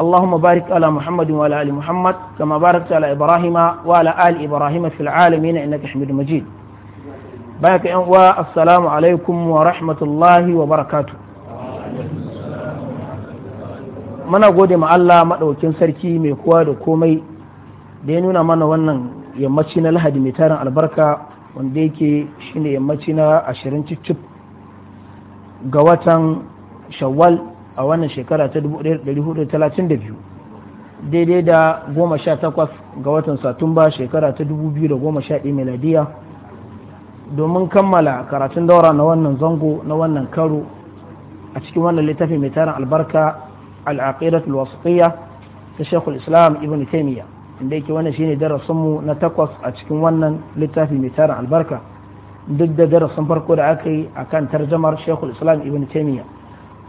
اللهم بارك على محمد وعلى آل محمد كما باركت على إبراهيم وعلى آل إبراهيم في العالمين إنك حميد مجيد بارك أنواع السلام عليكم ورحمة الله وبركاته mana gode ma Allah maɗaukin sarki mai kowa da komai da ya nuna mana wannan yammaci na lahadi mai tarin albarka wanda yake shine yammaci na ashirin cicif ga watan shawwal a wannan shekara ta 1432 daidai da 18 ga watan satumba shekara ta 2011 miladiya domin kammala karatun daura na wannan zango na wannan karo a cikin wannan littafi mai tarin albarka al'aqidat al-wasiqiyya ta shekul islam ibn taimiyya inda yake wannan shine darasinmu na takwas a cikin wannan littafi mai tarin albarka duk da darasin farko da aka yi akan tarjamar shekul islam ibn taimiyya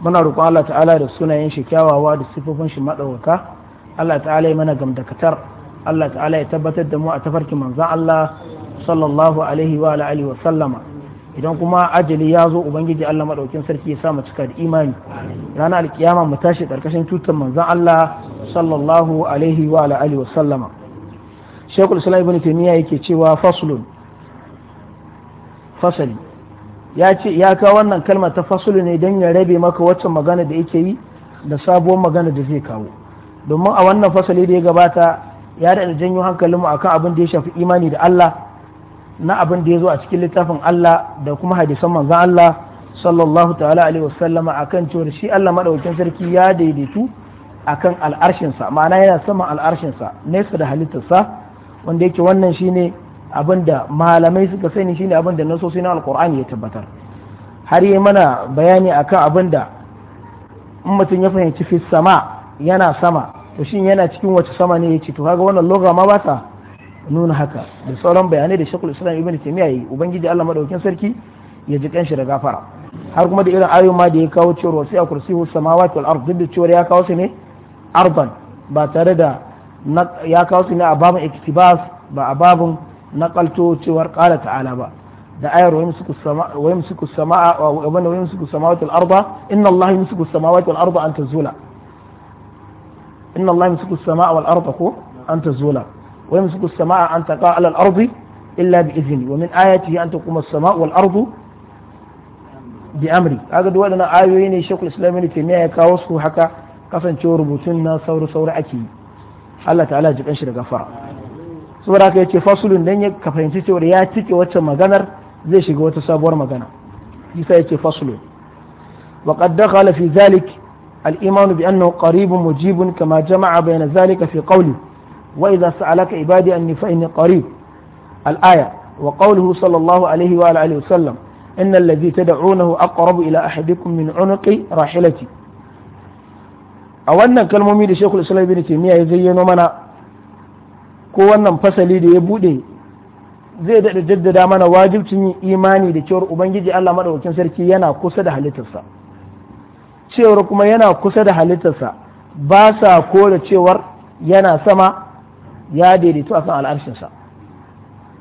muna roƙon Allah ta'ala da sunayen shi kyawawa da sifofin shi madawaka Allah ta'ala ya mana gamdakatar Allah ta'ala ya tabbatar da mu a tafarkin manzon Allah sallallahu alaihi wa alihi wa sallama idan kuma ajali ya zo ubangiji Allah madaukin sarki ya sa mu cika da imani ranar alkiyama mu tashi karkashin tutar manzon Allah sallallahu alaihi wa alihi wa sallama Sheikhul Islam Ibn Taymiyyah yake cewa faslun fasali ya ce ya kawo wannan kalma ta fasulu ne don ya rabe maka waccan magana da yake yi da sabuwar magana da zai kawo domin a wannan fasali da ya gabata ya da janyo hankalin mu akan abin da ya shafi imani da Allah na abin da ya zo a cikin littafin Allah da kuma hadisan manzon Allah sallallahu ta'ala alaihi wasallama akan cewa shi Allah madaukakin sarki ya daidaitu akan al'arshinsa ma'ana yana saman al'arshinsa nesa da halittarsa wanda yake wannan shine abin da malamai suka sani shine abin da nasosi na alkur'ani ya tabbatar har yi mana bayani akan abin da in mutum ya fahimci fi sama yana sama to shin yana cikin wace sama ne ya ce to kaga wannan loga ma ba ta nuna haka da sauran bayanai da shakul islam ibn taymiya yi ubangiji Allah madaukakin sarki ya ji kanshi da gafara har kuma da irin ayoyin ma da ya kawo cewa sai a kursiyu samawati wal ard duk cewa ya kawo su ne arban ba tare da ya kawo su ne a babun iktibas ba a babun nakalto cewar qala ta'ala ba da ayar wa yamsiku samaa wa abana wa yamsiku samawati al-arda inna allaha yamsiku samawati wal-arda an tazula inna allaha yamsiku samaa wal-arda ko an tazula wa yamsiku samaa an taqa ala illa bi idhni wa min ayatihi an taquma as-samaa wal-ardu bi amri kaga duk waɗannan ayoyi ne shekul islam ne taimiyya kawo su haka kasancewar rubutun na sauri sauri ake yi Allah ta'ala ji kanshi da gafara saboda haka ya ce fasulun dan ya ka fahimci cewa ya cike wacce maganar zai shiga wata sabuwar magana isa yake fasulun wa qad dakhala fi zalik al iman bi annahu qarib mujib kama jama'a bayana zalik fi qawli wa idha sa'alaka ibadi anni fa inni al aya wa qawluhu sallallahu alayhi wa alihi wasallam ان الذي تدعونه اقرب الى احدكم من عنق راحلتي او ان كلمه من الشيخ الاسلام ابن تيميه ko wannan fasali da ya buɗe zai daɗa jaddada mana wajibcin yin imani da cewar ubangiji Allah maɗaukakin sarki yana kusa da halittarsa cewar kuma yana kusa da halittarsa ba sa da cewar yana sama ya daidaito a kan al'arshinsa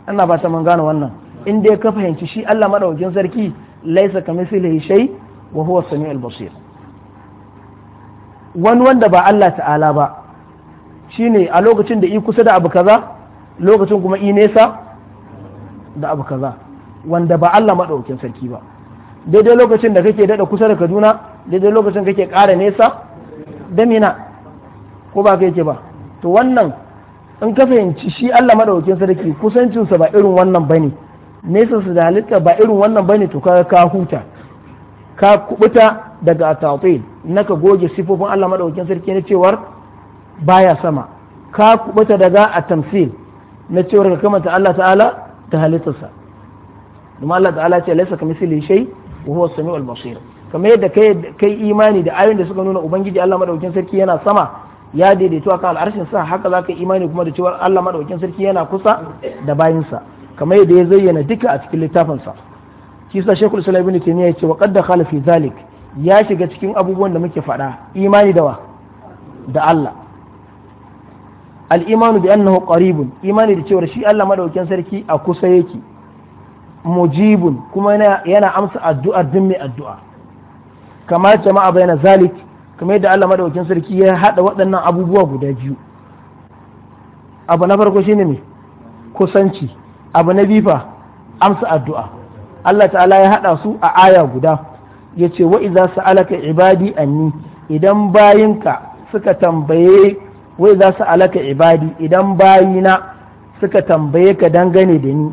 ana ba ta mun gane wannan in dai ka fahimci shi Allah maɗaukakin sarki laisa kamithlihi shay wa huwa samiul basir wani wanda ba Allah ta'ala ba Shi ne a lokacin da i kusa da abu kaza lokacin kuma i nesa da abu kaza wanda ba Allah maɗaukin sarki ba daidai lokacin da kake daɗa kusa da kaduna daidai lokacin kake ƙara nesa da mina ko ba ka yake ba to wannan in ka fahimci shi Allah maɗaukin sarki kusancinsa ba irin wannan bane nesa su da halitta ba irin wannan bane to ka huta ka kubuta daga atatil naka goge sifofin Allah maɗaukin sarki na cewar baya sama ka kubuta daga a tamsil na cewar ka kamata Allah ta'ala ta halittarsa domin Allah ta'ala ce laisa ka misali shai wa huwa sami'ul basir kamar yadda kai imani da ayoyin da suka nuna ubangiji Allah madaukin sarki yana sama ya daidaito akan al'arshin sa haka za ka imani kuma da cewar Allah madaukin sarki yana kusa da bayinsa kamar yadda ya zayyana duka a cikin littafin sa kisa shekul islam ibn ya ce wa qad dakhala fi zalik ya shiga cikin abubuwan da muke faɗa imani da wa da Allah al da bi annahu imani da cewar shi Allah madaukin sarki a kusa yake mujibun kuma yana amsa addu'a din mai addu'a kamar jama'a bayana zalik kamar yadda Allah madaukin sarki ya haɗa waɗannan abubuwa guda biyu abu na farko shine mai kusanci abu na bifa amsa addu'a Allah ta'ala ya haɗa su a aya guda ya yace wa su sa'alaka ibadi anni idan bayinka suka tambaye wai za su alaka ibadi idan bayina suka tambaye ka dangane da ni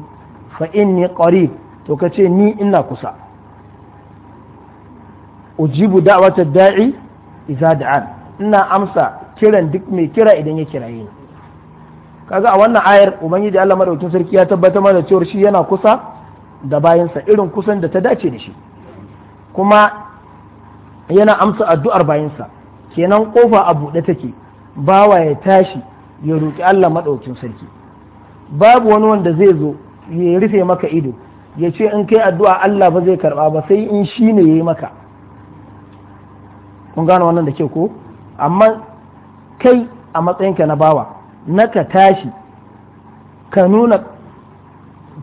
fa inni qarib to ka ce ni ina kusa ujibu da'wata da'i iza da'an ina amsa kiran duk mai kira idan ya kira ni kaga a wannan ayar ubangiji Allah madaukakin sarki ya tabbatar mana cewa shi yana kusa da bayansa irin kusan da ta dace da shi kuma yana amsa addu'ar bayansa kenan kofa a buɗe take bawa ya tashi ya roƙi Allah maɗaukin sarki babu wani wanda zai zo ya rufe maka ido ya ce in kai addu'a Allah ba zai karɓa ba sai in shi ne ya yi maka kun gano wannan da ke ko amma kai a matsayinka na bawa na ka tashi ka nuna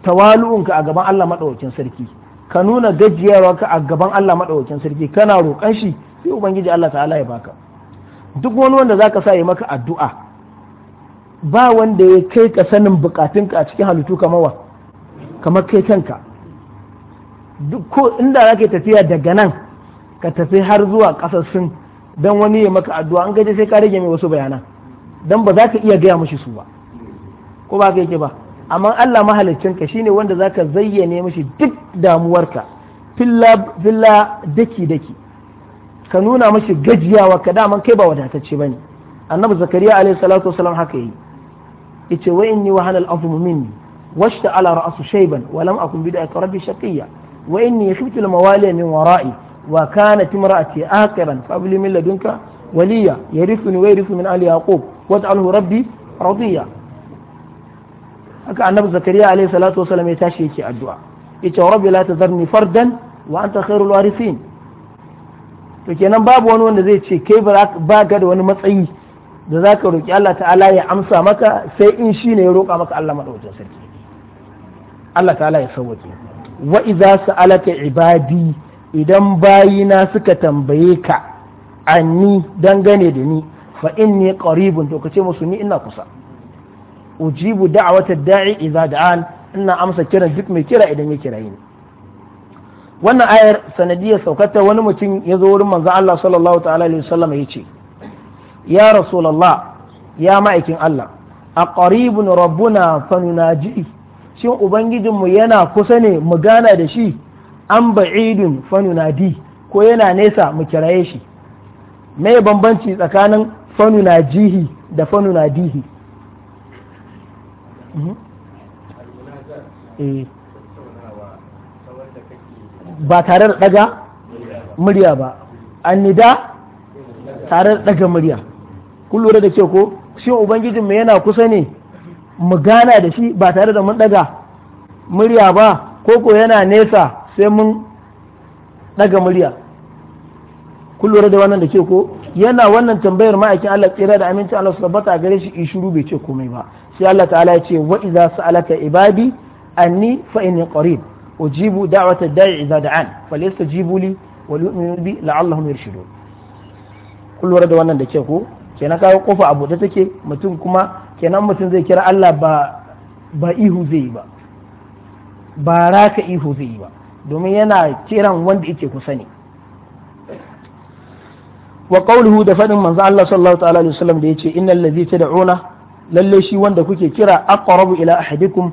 tawalu'unka a gaban Allah maɗaukin sarki ka nuna gajiyarwa ka a gaban Allah maɗaukin sarki kana roƙon shi sai ubangiji Allah ta'ala ya baka duk wani wanda zaka sa ya maka addu'a ba wanda ya kai ka sanin bukatunka a cikin halittu kamar wa kamar kai kanka duk ko inda zaka tafiya daga nan ka tafi har zuwa kasar don dan wani ya maka addu'a an gaje sai ka rage mai wasu bayanan dan ba za ka iya gaya mishi su ba ko ba ka yake ba amma Allah ka shine wanda za ka zayyane mishi duk damuwarka filla filla daki daki ka nuna mashi gajiyawa ka daman kai ba wadatacce ba ne annabi zakariya alaihi salatu wasalam haka yi yace wa inni wa hanal afu minni washta ala ra'su shayban wa lam akun bid'a rabbi shaqiyya wa inni yakhiftu al mawali min wara'i wa kanat imra'ati aqiran fa abli min ladunka waliya yarithuni wa yarithu min ali yaqub waj'alhu rabbi radiya haka annabi zakariya alaihi salatu wasalam ya tashi yake addu'a yace rabbi la tazarni fardan wa anta khairul warithin to kenan babu wani wanda zai ce kai ba ka da wani matsayi da za ka roƙi Allah ta'ala ya amsa maka sai in shi ne ya roƙa maka Allah maɗaukacin sarki Allah ta'ala ya sauwaƙe wa su sa'alaka ibadi idan bayina suka tambaye ka anni dangane da ni fa inni qaribun to ka ce musu ni ina kusa ujibu da'wata da'i idza da'an ina amsa kiran duk mai kira idan ya kira ni wannan ayar sanadiyar saukata wani mutum ya zo wurin manzan Allah sallallahu ta'ala alaihi wasallam ya ce ya rasulullah ya ma'aikin Allah a qaribun rabbuna fanunaji shin ubangijinmu yana kusa ne mu gana da shi an ba'idun fanunadi ko yana nesa mu kiraye shi me bambanci tsakanin fanunajihi da fanunadihi mm ba tare da daga murya ba annida tare da daga murya kun lura da ke ko shi ubangijin mu yana kusa ne mu gana da shi ba tare da mun daga murya ba ko ko yana nesa sai mun daga murya kun lura da wannan da ke ko yana wannan tambayar ma'aikin Allah tsira da aminci Allah su tabbata gare shi ishuru bai ce komai ba sai Allah ta'ala ya ce wa idza sa'alaka ibadi anni fa inni qarib ujibu da'wata da'i idza da'an falyastajibu li wal yu'minu bi la'allahum yarshudun kun lura da wannan da ke ko kenan kawo kofa a bude take mutum kuma kenan mutum zai kira Allah ba ba ihu zai yi ba ba raka ihu zai yi ba domin yana kiran wanda yake kusa ne wa da faɗin manzo Allah sallallahu ta'ala alaihi wasallam da yace innal ladhi tad'una lalle shi wanda kuke kira aqrabu ila ahadikum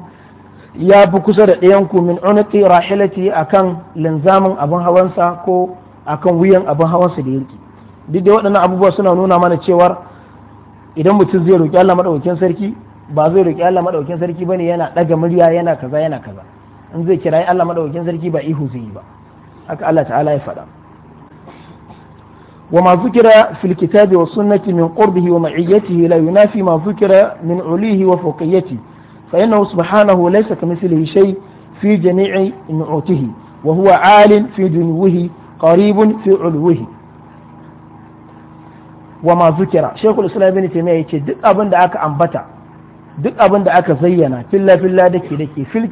ya fi kusa da ɗayan ku min unqi rahilati akan linzamin abin hawansa ko akan wuyan abin hawansa da yanki duk da waɗannan abubuwa suna nuna mana cewar idan mutum zai roƙi Allah madaukakin sarki ba zai roƙi Allah madaukakin sarki bane yana ɗaga murya yana kaza yana kaza in zai kira Allah madaukakin sarki ba ihu zai yi ba haka Allah ta'ala ya faɗa وما ذكر في الكتاب والسنة من قربه ومعيته لا ينافي ما ذكر من عليه وفوقيته فإنه سبحانه ليس كمثله شيء في جميع نعوته وهو عال في دنوه قريب في علوه وما ذكر شيخ الإسلام بن تيمية يقول أبن دعاك أنبتا duk abin da aka zayyana filla filla dake dake fil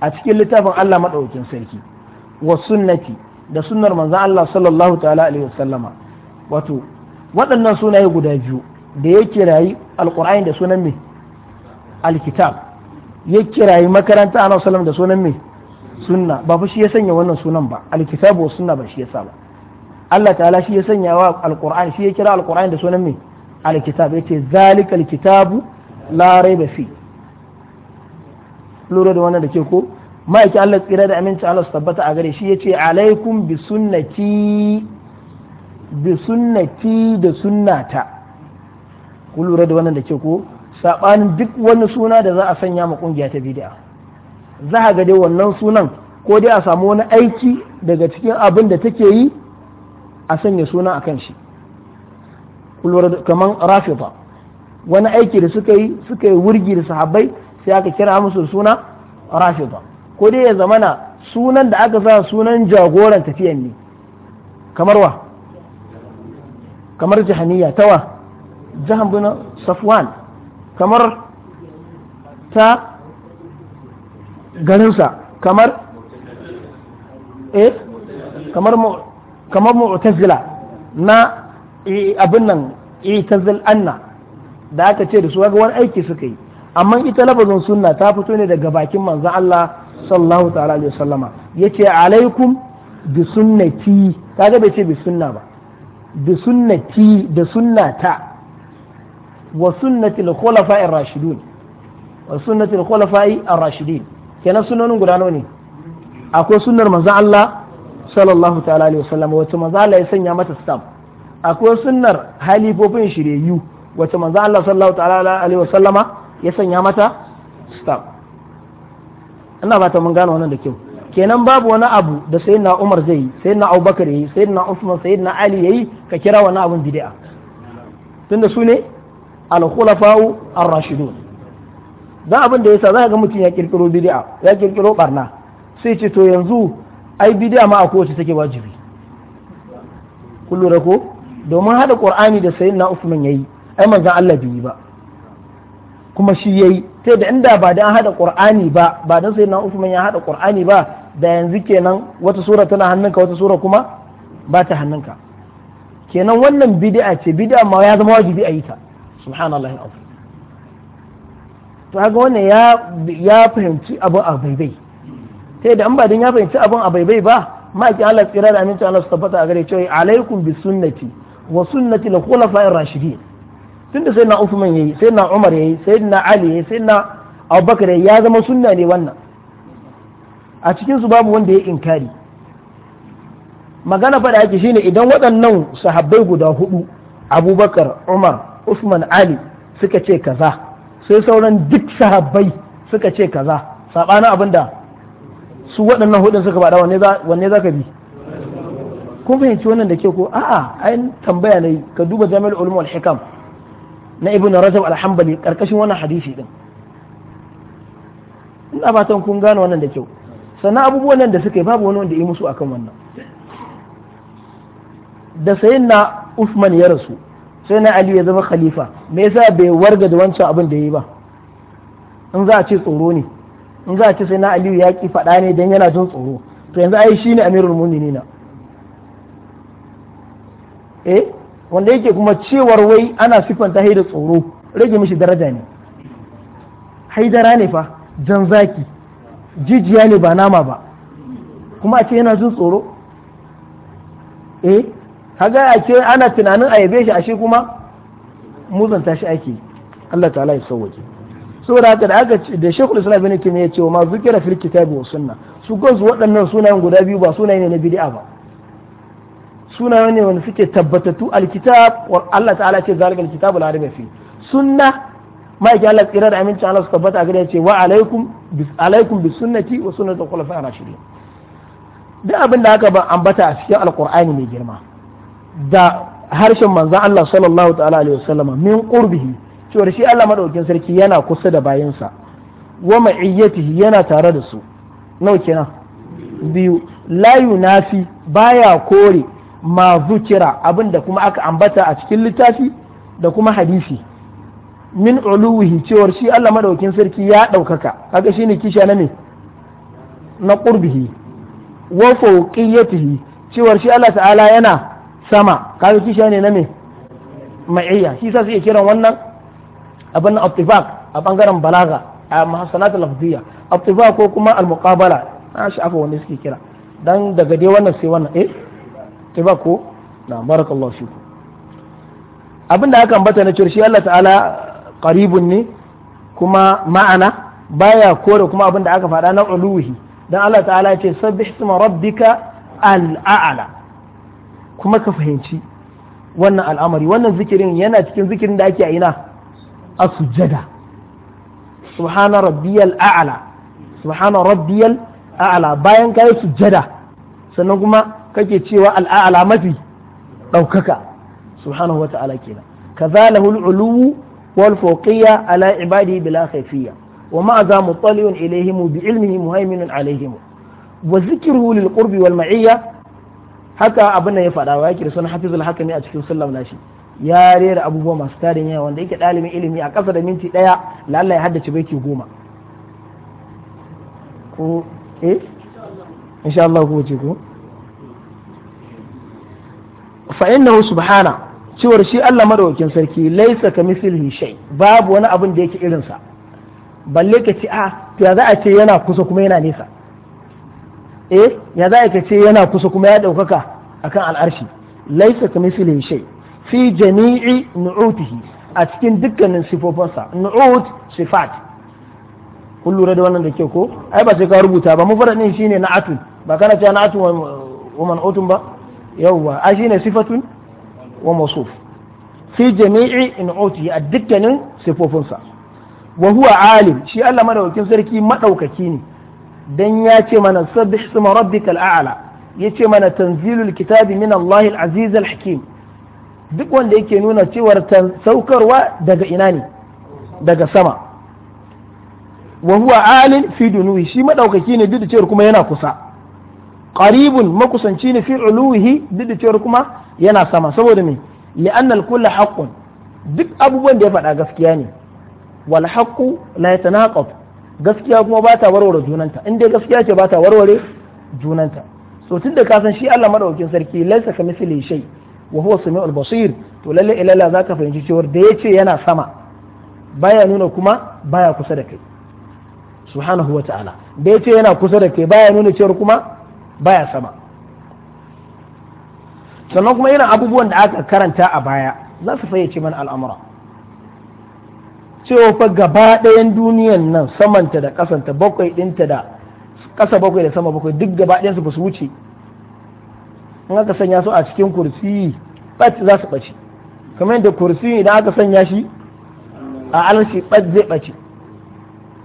a cikin littafin Allah madaukakin sarki wa sunnati da sunnar manzan Allah sallallahu ta'ala alaihi wasallama wato waɗannan sunaye guda biyu da ya kirayi alƙurani da sunan mai alkitab ya kirayi makaranta ana salam da sunan mai sunna ba fa shi ya sanya wannan sunan ba alkitab wa sunna ba shi ya sa ba Allah ta'ala shi ya sanya wa Alkur'ani shi ya kira Alkur'ani da sunan mai alkitab yace zalikal kitabu la raiba fi lura da wannan da ke ko ma'aikin Allah tsira da aminci Allah su tabbata a gare shi yace alaikum bi sunnati bi sunnati da sunnata ku lura da wannan da ke ko saɓanin duk wani suna da za a sanya ma ƙungiya ta bidiya za a gade wannan sunan ko dai a samu wani aiki daga cikin abin da take yi a sanya suna a kan shi kamar rafita wani aiki da suka yi suka yi wurgi da sahabbai sai aka kira musu suna rafita ko dai ya zamana sunan da aka sa sunan jagoran tafiyan ne kamar wa kamar jahaniya tawa jahan bin safwan kamar ta garinsa kamar eh kamar kamar mu'tazila na abin nan itazil anna da aka ce da su ga wani aiki suka yi amma ita labarin sunna ta fito ne daga bakin manzon Allah sallallahu ta'ala alaihi wasallama yace alaikum bi sunnati kaga bai ce bi sunna ba bi sunnati da sunnata wa sunnatul khulafa'ir rashidun wa sunnatul khulafa'i ar-rashidin kenan sunanin guda nawa ne akwai sunnar manzo Allah sallallahu ta'ala alaihi ya sanya mata stamp akwai sunnar halifofin shiryayyu wacce manzo Allah sallallahu ta'ala alaihi ya sanya mata stamp ina ba mun gano da kyau kenan babu wani abu da sayyidina Umar zai yi sayyidina Abubakar yayi sayyidina Uthman sayyidina Ali yayi ka kira wani abun bid'a tunda su ne al-khulafa'u ar-rashidun dan abin da yasa zaka ga mutum ya kirkiro bid'a ya kirkiro barna sai ce to yanzu ai bid'a ma akwai wacce take wajibi kun lura ko domin hada qur'ani da sayyidina usman yayi ai manzo Allah bai yi ba kuma shi yayi sai da inda ba dan hada qur'ani ba ba dan sayyidina usman ya hada qur'ani ba da yanzu kenan wata sura tana hannunka wata sura kuma ba ta hannunka kenan wannan bid'a ce bid'a ma ya zama wajibi a yi ta subhanallahi azim to ga wannan ya fahimci abin a baibai ta yadda an ba don ya fahimci abin a baibai ba ma'aikin Allah tsira da aminci Allah su tabbata a gare cewa alaikum bi sunnati wa sunnati la khulafa'ir rashidin tunda sai na Uthman yayi sai na Umar yayi sai na Ali yayi sai na Abubakar ya zama sunna ne wannan a cikin su babu wanda ya inkari magana faɗa yake shine idan waɗannan sahabbai guda hudu Abubakar Umar Usman Ali suka ce kaza sai sauran duk sahabbai suka ce kaza sabanin abinda su waɗannan hudun suka faɗa wanne za ka bi kun fahimci wannan da ke ko a'a ai tambaya ne ka duba jami'ul ulum wal hikam na Ibn rajab al hanbali karkashin wannan hadisi din ina fatan kun gano wannan da kyau sannan abubuwan nan da suka yi babu wani wanda yi musu akan wannan da sayin na Uthman ya rasu sai na ali ya zama khalifa me yasa bai warga da wancan abin da yayi ba in za a ce tsoro ne in za a ce sai na aliyu ya ki faɗa ne dan yana jin tsoro to yanzu ai shine amirul mu'minina eh wanda yake kuma cewar wai ana ta haida tsoro rage mishi daraja ne haidara ne fa jan zaki jijiya ne ba nama ba kuma a ce yana jin tsoro eh kaga a ce ana tunanin a yabe shi ashe kuma muzanta shi ake Allah ta'ala ya sauwaje saboda haka da aka da Sheikhul Islam bin Kimiyya ya ce ma zikira fil kitabi wa sunna su kansu waɗannan sunayen guda biyu ba sunaye ne na bid'a ba sunaye ne wanda suke tabbatattu alkitab wa Allah ta'ala ce zalika alkitabu la raiba fi sunna ma'aikin Allah tsira da amincin Allah su tabbata a gare ya ce wa alaikum alaikum bi sunnati wa sunnatul khulafa ar-rashidin duk abin da aka ba ambata a cikin alqur'ani mai girma da harshen manzan Allah sallallahu ta'ala alaihi wasallama min qurbihi cewar shi Allah madaukakin sarki yana kusa da bayansa wa ma'iyyatihi yana tare da su nawa kenan biyu la yunafi baya kore ma zukira abinda kuma aka ambata a cikin littafi da kuma hadisi min uluwihi cewar shi Allah madaukakin sarki ya daukaka kaga shine kisha na ne na qurbihi wa fawqiyatihi cewar shi Allah ta'ala yana sama kaga kishiya ne na me ma'iyya shi sa suke kiran wannan abin attifaq a bangaren balaga a mahasanat lafziya attifaq ko kuma al-muqabala a shafa wanda suke kira dan daga dai wannan sai wannan eh attifaq ko na barakallahu shi abin da aka ambata na cewa shi Allah ta'ala qaribun ne kuma ma'ana baya kore kuma abin da aka faɗa na uluhi dan Allah ta'ala ya ce sabbih isma rabbika al-a'la kuma ka fahimci wannan al'amari wannan zikirin yana cikin zikirin da ake a ina a sujjada subhana rabbiyal a'la subhana rabbiyal a'la bayan kai sujjada sannan kuma kake cewa ala mafi ɗaukaka subhanahu wa ta'ala kenan kazalahu al'ulu wal fawqiyya ala ibadihi bila khayfiyya wa ma za mutaliyun ilayhim bi ilmihi muhaiminun alayhim wa zikruhu lil qurbi wal ma'iyya haka abin da ya faɗa wa yake da sunan hafizul hakami a cikin sallam nashi ya rera abubuwa masu tarin yawa wanda yake ɗalibin ilimi a ƙasa da minti ɗaya lallai haddace baiti goma ko eh insha Allah ko ce ko fa innahu subhana cewar shi Allah madaukakin sarki laisa ka mislihi shay babu wani abin da yake irin sa balle ka ci a to za a ce yana kusa kuma yana nesa eh ya za ka ce yana kusa kuma ya ɗaukaka a kan al'arshi laisa ka misilin shai fi jami'i nu'utihi a cikin dukkanin sifofinsa nu'ut sifat kun lura da wannan da ke ko ai ba sai ka rubuta ba shi ne na'atun ba kana cewa na'atun wa man'utun ba yawwa shi ne sifatun wa masuf fi jami'i nu'utihi a dukkanin sifofinsa wa huwa alim shi Allah madaukakin sarki madaukaki ne dan ya ce mana sabbih isma rabbikal ya ce mana tanzilul kitabi min Allah al-aziz al-hakim duk wanda yake nuna cewar saukarwa daga ina ne daga sama wa huwa alin fi dunuhi shi madaukaki ne duk da cewar kuma yana kusa qaribun makusanci ne fi uluhi duk da cewar kuma yana sama saboda me li'anna al-kullu haqqun duk abubuwan da ya faɗa gaskiya ne wal haqqu gaskiya kuma ba ta warware junanta in dai gaskiya ce ba ta warware junanta so tunda ka san shi Allah madaukin sarki laisa ka misli shay wa huwa samiul basir to lalle ilalla zaka fahimci cewa da yace yana sama baya nuna kuma baya kusa da kai subhanahu wa ta'ala da yace yana kusa da kai baya nuna cewa kuma baya sama sannan kuma irin abubuwan da aka karanta a baya za su fayyace mana al'amura cewa fa gaba ɗayan duniyan nan samanta da ƙasanta bakwai ɗinta da ƙasa bakwai da sama bakwai duk gaba ɗayansu ba su wuce in aka sanya su a cikin kursi ɓat za su ɓace kamar yadda kursi idan aka sanya shi a alashi ɓat zai ɓace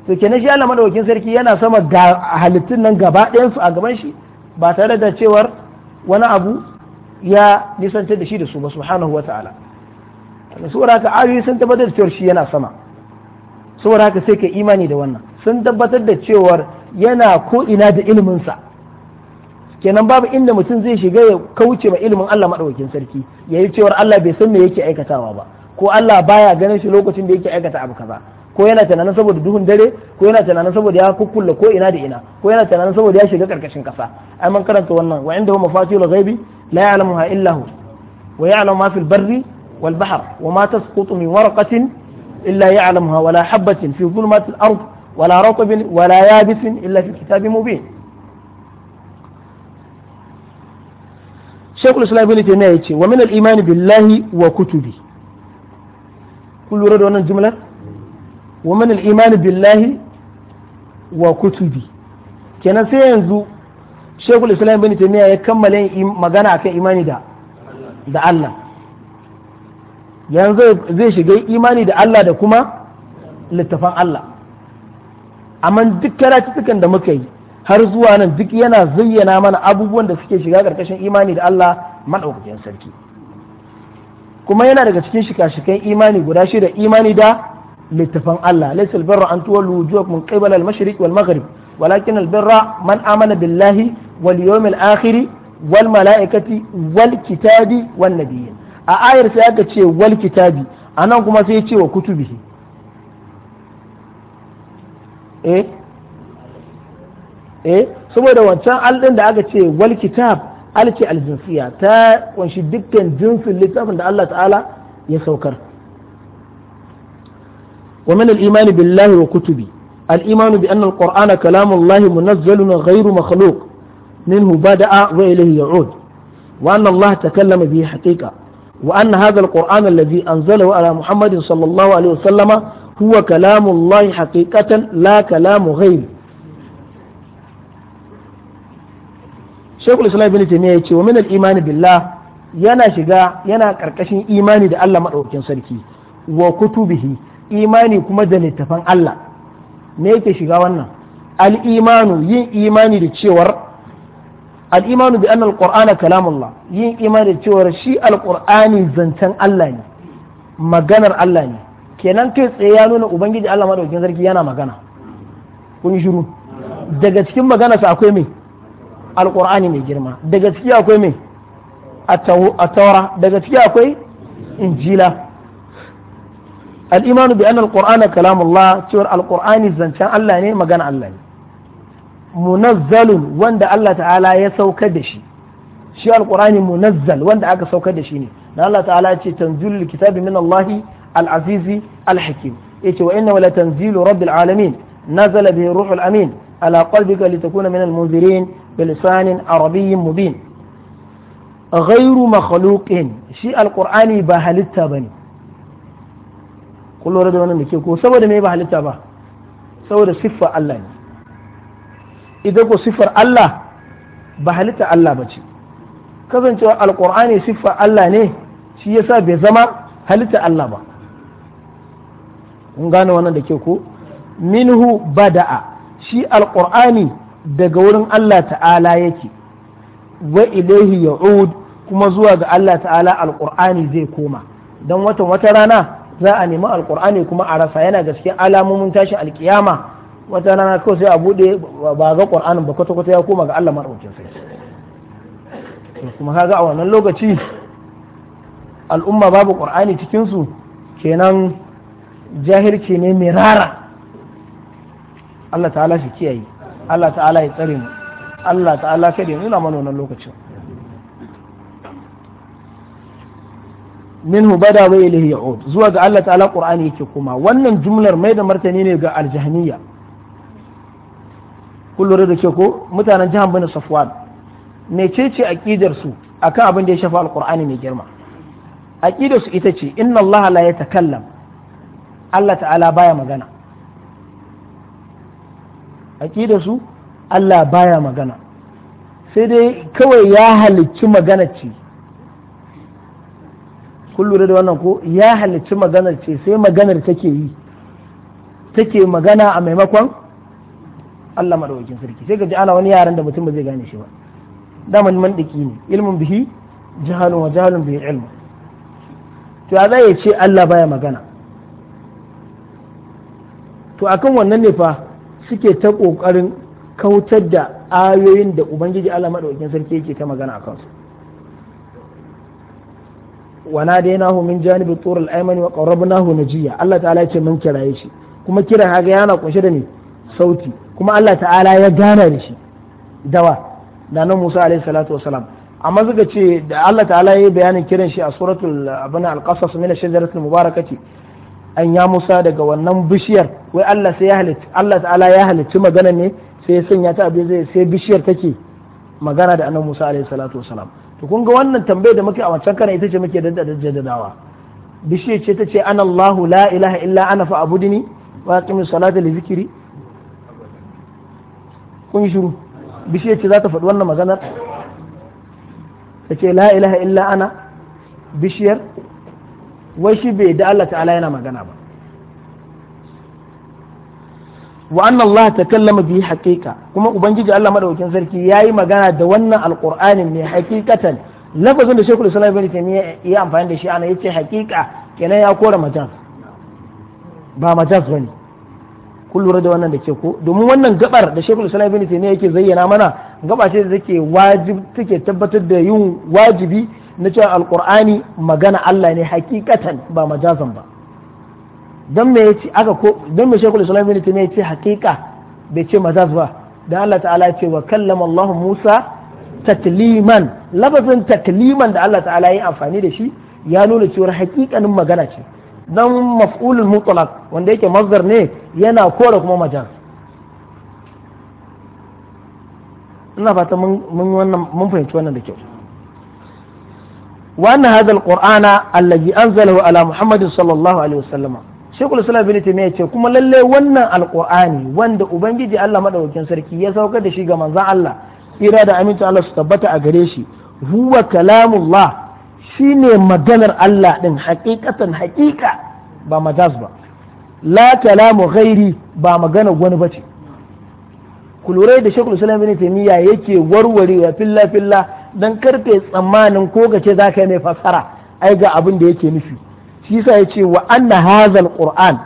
to kenan shi da madaukakin sarki yana sama ga halittun nan gaba ɗayansu a gaban shi ba tare da cewar wani abu ya nisantar da shi da su ba subhanahu wa ta'ala sura ta ayoyi sun tabbatar da cewar shi yana sama saboda haka sai ka imani da wannan sun tabbatar da cewar yana ko ina da iliminsa kenan babu inda mutum zai shiga ya kauce ma ilimin Allah madaukakin sarki ya yi cewar Allah bai san me yake aikatawa ba ko Allah baya ganin shi lokacin da yake aikata abu kaza ko yana tunanin saboda duhun dare ko yana tunanin saboda ya kukkulla ko ina da ina ko yana tunanin saboda ya shiga karkashin kasa ai man karanta wannan wa indahu mafatihul ghaibi la ya'lamuha illa wa ya'lamu ma fil barri wal bahr wa ma tasqutu min waraqatin إلا يعلمها ولا حبة في ظلمات الأرض ولا رطب ولا يابس إلا في كتاب مبين شيخ الإسلام بن تيمية ومن الإيمان بالله وكتبه كل ورد وانا الجملة ومن الإيمان بالله وكتبه كان سينزو شيخ الإسلام بن تيمية يكمل في إيمان دا دا الله yanzu zai shiga imani da Allah da kuma littafan Allah amma duk karatutukan da muka yi har zuwa nan duk yana zayyana mana abubuwan da suke shiga ƙarƙashin imani da Allah maɗaukakin sarki kuma yana daga cikin shika-shikan imani guda shida imani da littafan Allah laysa albirra an tuwallu wujuhakum min qibala al-mashriq wal maghrib walakin albirra man amana billahi wal yawmil akhir wal malaikati wal kitabi wan nabiyyin a ayar sai aka ce wal kitabi anan kuma sai ce wa kutubihi eh eh saboda wancan aldin da aka ce wal kitab alce aljinsiya ta kunshi dukkan jinsin littafin da Allah ta'ala ya saukar wa min al-iman billahi wa kutubi al-iman bi anna al-qur'ana kalamullahi munazzalun ghayru makhluq minhu bada'a wa ilayhi ya'ud wa anna Allah takallama bihi haqiqa wa anna hadha alquran alladhi anzalahu ala muhammadin sallallahu alaihi wasallama huwa kalamullahi hakikatan la kalamu ghayr Shaykhul Islam Ibn Taymiyyah ya ce wa min al-iman billah yana shiga yana karkashin imani da Allah madaukakin sarki wa kutubihi imani kuma da littafan Allah me yake shiga wannan al-imanu yin imani da cewar al’imanu bi annal ƙor'ana kalamun kalamullah yin imani cewar shi Alƙur'ani zancen Allah ne maganar Allah ne kenan kai tsaye ya nuna ubangiji Allah madaukakin sarki yana magana kun yi shiru daga cikin maganarsa akwai mai Alƙur'ani mai girma daga ciki akwai mai taura daga ciki akwai injila al'imanu bi annal kalamun kalamullah cewar Alƙur'ani zancen Allah ne magana Allah ne munazzalun wanda Allah ta'ala ya saukar da shi shi alqur'ani munazzal wanda aka saukar da shi ne dan Allah ta'ala ce tanzilul kitabi min Allah al-azizi al-hakim yace wa inna la tanzilu rabbil alamin nazala bihi ruhul amin ala qalbika litakuna min al-munzirin bilisanin arabiyyin mubin ghairu makhluqin shi alqur'ani ba halitta bane kullu da wannan da ko saboda me ba halitta ba saboda siffa Allah ne ita ko siffar Allah ba halitta Allah ba ce kasancewa alkur'ani siffar Allah ne shi yasa bai zama halitta Allah ba kun gane wannan da ke ko minhu bada'a shi Alƙur'ani daga wurin Allah ta'ala yake wa ilaihi ya'ud kuma zuwa ga Allah ta'ala Alƙur'ani zai koma don watan wata rana za a nemi Alƙur'ani kuma a rasa yana gaske alamomin tashi alƙiyama. wata rana kawai sai a bude ba ga ƙwar'anin ba kwata kwata ya koma ga Allah madaukakin su kuma kaga a wannan lokaci al'umma babu ƙwar'ani cikinsu kenan jahilci ne mai rara Allah ta'ala shi kiyaye Allah ta'ala ya tsare mu Allah ta'ala kada ya nuna mana wannan lokacin minhu bada wa ilayhi ya'ud zuwa ga Allah ta'ala qur'ani yake kuma wannan jumlar mai da martani ne ga aljahmiya kullum da ke ko mutanen jihar bani safwan mecece aqidar su akan abin da ya shafa alqur'ani mai girma aqidar su ita ce inna allaha la ya takallam Allah ta'ala baya magana aqidar su Allah baya magana sai dai kawai ya halicci magana ce kun da wannan ko ya halicci maganar ce sai maganar take yi take magana a maimakon Allah madawakin sarki sai ka ji ana wani yaran da mutum ba zai gane shi ba daman diki ne ilmun bihi jahalu wa jahalun bihi ilmu to ya zai ce Allah baya magana to akan wannan ne fa suke ta kokarin kautar da ayoyin da ubangiji Allah madawakin sarki yake ta magana akan su وناديناه من جانب الطور الايمن وقربناه allah الله تعالى mun kiraye shi kuma kiran haga yana kunshe da ne sauti kuma Allah ta'ala ya gana da shi dawa da nan Musa alaihi salatu wasalam amma suka ce da Allah ta'ala ya yi bayanin kiran shi a suratul abin al-qasas min ash-shajaratil mubarakati an ya Musa daga wannan bishiyar wai Allah sai ya halitta Allah ta'ala ya halitta magana ne sai ya sanya ta abin zai sai bishiyar take magana da annabi Musa alaihi salatu wasalam to kun ga wannan tambayar da muke a wancan kana ita ce muke da jaddadawa bishiyar ce ta ce ana Allahu la ilaha illa ana fa abudini wa aqimi salata li zikri kun yi shiru bishiyar ce za ta faɗi wannan maganar ta ce la ilaha illa ana bishiyar wai shi bai da Allah ta'ala yana magana ba wa anna Allah kallama bi haqiqa kuma ubangiji Allah madaukakin sarki ya yi magana da wannan alƙurani ne haqiqatan lafazin da Sheikhul Islam Ibn Taymiyyah ya amfani da shi ana yace haqiqa kenan ya kora majaz ba majaz bane kun lura da wannan da ke ko domin wannan gabar da shekul islam ibn ne yake zayyana mana gaba ce da take wajib take tabbatar da yin wajibi na cewa alqur'ani magana Allah ne hakikatan ba majazan ba dan me yace aka ko dan me shekul islam ibn ne yace hakika bai ce majaz ba dan Allah ta'ala ya ce wa kallama Allah Musa takliman lafazin takliman da Allah ta'ala ya yi amfani da shi ya nuna cewa hakikanin magana ce dan maf'ulul mutlaq wanda yake mazdar ne yana kore kuma majar ina fata mun wannan mun fahimci wannan da kyau wa anna hadha alqur'ana allazi anzalahu ala muhammad sallallahu alaihi wasallam shaykh al-islam ibn taymiyyah yace kuma lallai wannan Alƙur'ani wanda ubangiji Allah madaukakin sarki ya saukar da shi ga manzon Allah ira da aminta Allah su tabbata a gare shi huwa kalamullah shi ne maganar Allah ɗin hakikatan haƙiƙa ba majaz ba la kalamu ghairi ba maganar wani ba ce lura da shekul salamin ibn taymiya yake warwarewa filla filla dan karfe tsammanin ko kace zaka mai fassara ai ga abin da yake nufi shi ya ce wa anna hadha alquran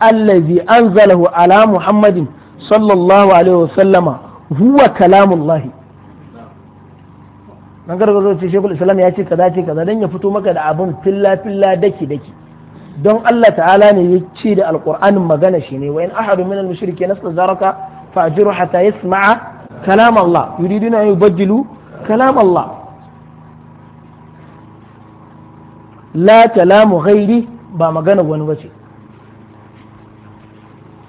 allazi anzalahu ala muhammadin sallallahu alaihi wasallama huwa kalamullahi nan gargazo ce shekul islam ya ce kaza ce kaza dan ya fito maka da abin filla filla daki daki don Allah ta'ala ne ya ce da alqur'anin magana shi ne wa in ahadu min al mushriki nastazaraka fa'jiru hatta yasma'a kalam Allah yuriduna an yubaddilu kalam Allah la kalamu ghairi ba magana wani bace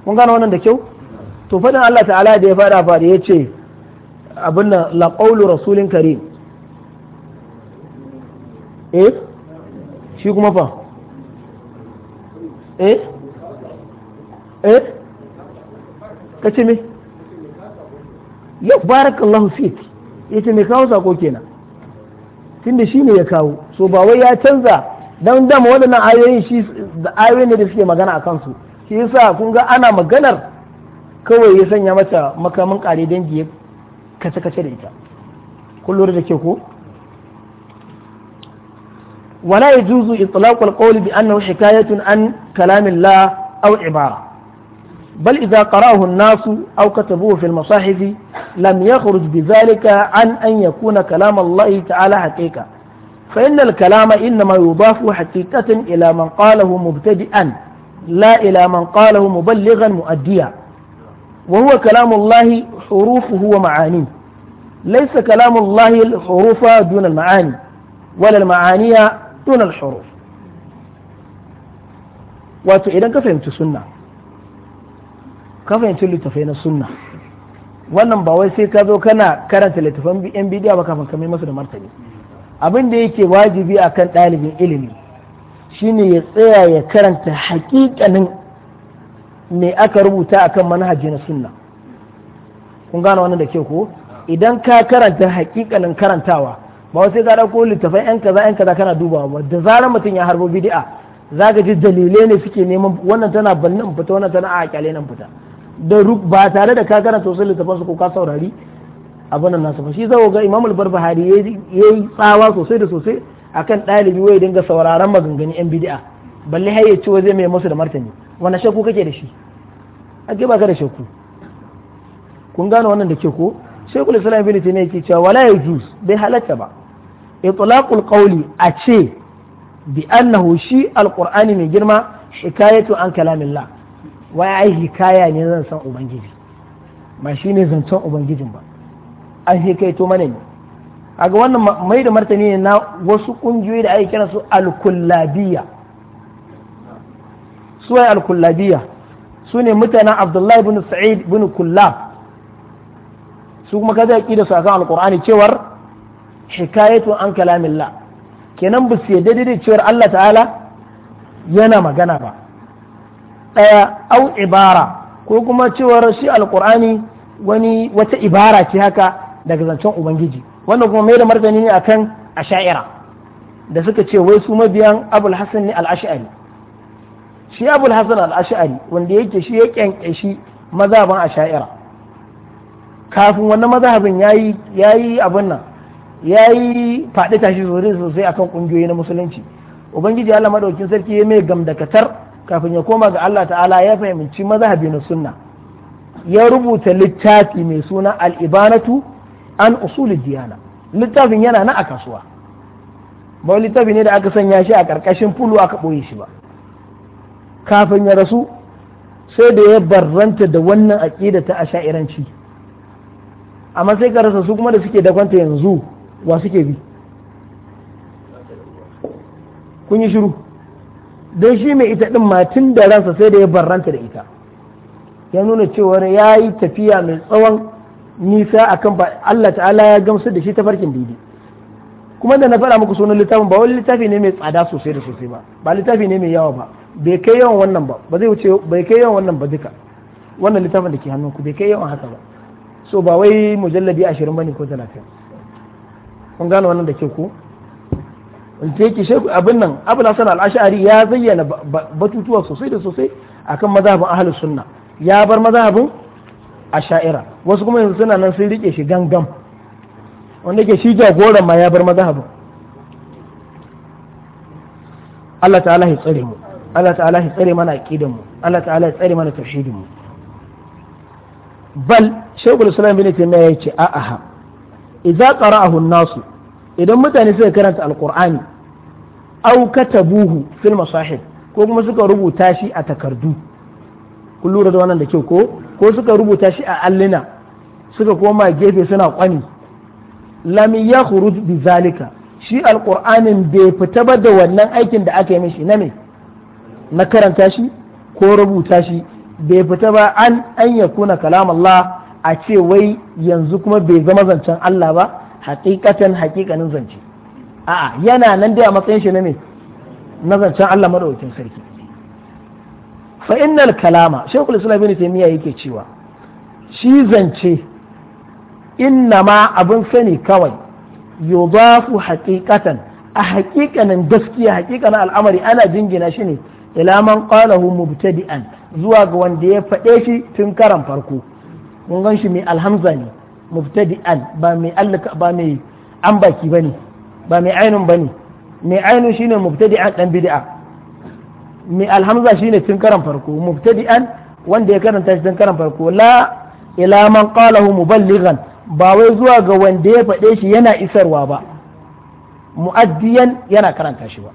kun gane wannan da kyau to faɗin Allah ta'ala da ya faɗa fa da ya ce abin nan la qawlu rasulin karim eh shi kuma fa eh eh ka ce me ya barakallahu fik ya ce mai kawo sako kenan da shi ne ya kawo so ba wai ya canza don dama waɗannan ayoyin shi da ayoyin ne da suke magana a kansu shi yasa kun ga ana maganar kawai ya sanya mata makamin ƙare dangi ya kace-kace da ita kullum da ke ko ولا يجوز إطلاق القول بأنه حكاية عن كلام الله أو عبارة بل إذا قرأه الناس أو كتبوه في المصاحف لم يخرج بذلك عن أن يكون كلام الله تعالى حقيقة فإن الكلام إنما يضاف حقيقة إلى من قاله مبتدئا لا إلى من قاله مبلغا مؤديا وهو كلام الله حروفه ومعانيه ليس كلام الله الحروف دون المعاني ولا المعاني دون الحروف wato idan ka fahimci كفهمت ka fahimci littafai wannan ba wai sai ka zo kana karanta littafan yan bidiyo ba kafin kamar masu da martani abin da yake wajibi akan ɗalibin ilimi shine ya tsaya ya karanta hakikanin me aka rubuta akan manhaji na sunna kun gane wannan da ke ko idan ka karanta hakikanin karantawa ba wasu ga ko littafai yan kaza yan kaza kana dubawa ba da zarar mutum ya harbo bid'a ka ji dalilai ne suke neman wannan tana bannan fita wannan tana a kyale nan fita da ba tare da ka karanta wasu littafan su ko ka saurari abin nan nasu ba shi zai ga imamul barbahari yayi tsawa sosai da sosai akan ɗalibi wai dinga sauraron maganganun yan bid'a balle har ya ci zai mai masu da martani wani shakku kake da shi ake baka da shakku kun gane wannan da ke ko shekul islam ibn taymiya yake cewa wala yajuz bai halatta ba itlaqul qawli a ce bi annahu shi alqur'ani mai girma hikayatu an kalamillah wai ai hikaya ne zan san ubangiji ba shi ne san ubangijin ba an hikaito mana ne a ga wannan mai da martani ne na wasu kungiyoyi da ake kira su alkullabiya su wai alkullabiya su ne mutanen abdullahi bin sa'id bin kullab su kuma kaza ya ƙi da su akan alkur'ani cewar hikayatu an kalamillah kenan ba su yadda daidai cewar Allah ta'ala yana magana ba ɗaya au ibara ko kuma cewar shi alkur'ani wani wata ibara ce haka daga zancen ubangiji wanda kuma mai da martani ne akan asha'ira da suka ce wai su mabiyan abul hasan ne al'ash'ari shi abul hasan al'ash'ari wanda yake shi ya kyankyashi mazhaban asha'ira kafin wannan mazhabin yayi yayi abin nan ya yi faɗi tashi sosai sosai akan ƙungiyoyi na musulunci ubangiji Allah maɗaukin sarki ya mai gamdakatar kafin ya koma ga Allah ta'ala ya fahimci mazhabi na sunna ya rubuta littafi mai suna al-ibanatu an usulid diyana littafin yana na a kasuwa ba littafi ne da aka sanya shi a ƙarƙashin fulu aka ɓoye shi ba kafin ya rasu sai da ya barranta da wannan aƙidata a sha'iranci. amma sai ka rasa su kuma da suke dakwanta yanzu wa suke bi kun yi shiru don shi mai ita din matin da ransa sai da ya barranta da ita ya nuna cewa ya yi tafiya mai tsawon nisa akan ba Allah ta'ala ya gamsu da shi ta farkin daidai kuma da na faɗa muku sunan littafin ba wani littafi ne mai tsada sosai da sosai ba ba littafi ne mai yawa ba bai kai yawan wannan ba ba zai wuce bai kai yawan wannan ba duka wannan littafin da ke hannunku bai kai yawan haka ba so ba wai mujalladi ashirin bane ko talatin kun gane wannan da ke ku da yake sheku abin nan abu hasan al-ash'ari ya zayyana batutuwa sosai da sosai akan mazhabin ahalus sunna ya bar mazhabin asha'ira wasu kuma yanzu suna nan sun rike shi gangam wanda yake shi jagoran ma ya bar mazhabin Allah ta'ala ya tsare mu Allah ta'ala ya tsare mana aqidan mu Allah ta'ala ya tsare mana tafsirin mu bal shaykhul islam bin taymiya yace a'a idza qara'ahu an-nasu idan mutane suka karanta alqur'ani aw buhu fil masahif ko kuma suka rubuta shi a takardu kun lura da wannan da kyau ko ko suka rubuta shi a allina suka koma gefe suna kwani lam yakhruj bi zalika shi alkur'anin bai fita ba da wannan aikin da aka yi mishi na me na karanta shi ko rubuta shi bai fita ba an an yakuna kalamullah a ce wai yanzu kuma bai zama zancen Allah ba hakikatan hakikanin zance a'a yana nan dai a matsayin shi na ne na zancen Allah madaukakin sarki fa innal kalama shaykhul islam ibn taymiya yake cewa shi zance inna ma abin sani kawai yudafu haqiqatan a hakikanin gaskiya hakikanin al'amari ana jingina shi ne ila man qalahu mubtadi'an zuwa ga wanda ya faɗe shi tun karan farko Mun gan shi mai alhamza ne mubtadi'an ba mai allaka ba mai an baki bane ba mai ainun bane mai ainun shine an dan bid'a mai alhamza shine tun karan farko an wanda ya karanta shi tun karan farko la ila man qalahu muballighan ba wai zuwa ga wanda ya faɗe shi yana isarwa ba mu'addiyan yana karanta shi ba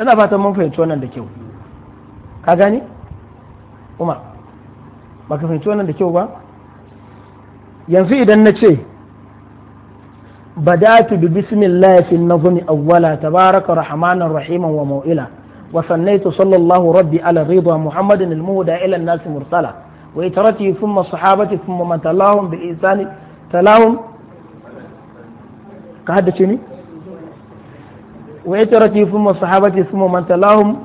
ina fatan mun fahimci wannan da kyau ka gani umar ba ka fahimci wannan da kyau ba yanzu idan na ce بدأت ببسم الله في النظم أولا تبارك رحمن رحيما وموئلا وثنيت صلى الله ربي على رضا محمد المهدى إلى الناس مرسلا وإترته ثم الصحابة ثم من تلاهم بالإنسان تلاهم كهدتني وإترته ثم الصحابة ثم من تلاهم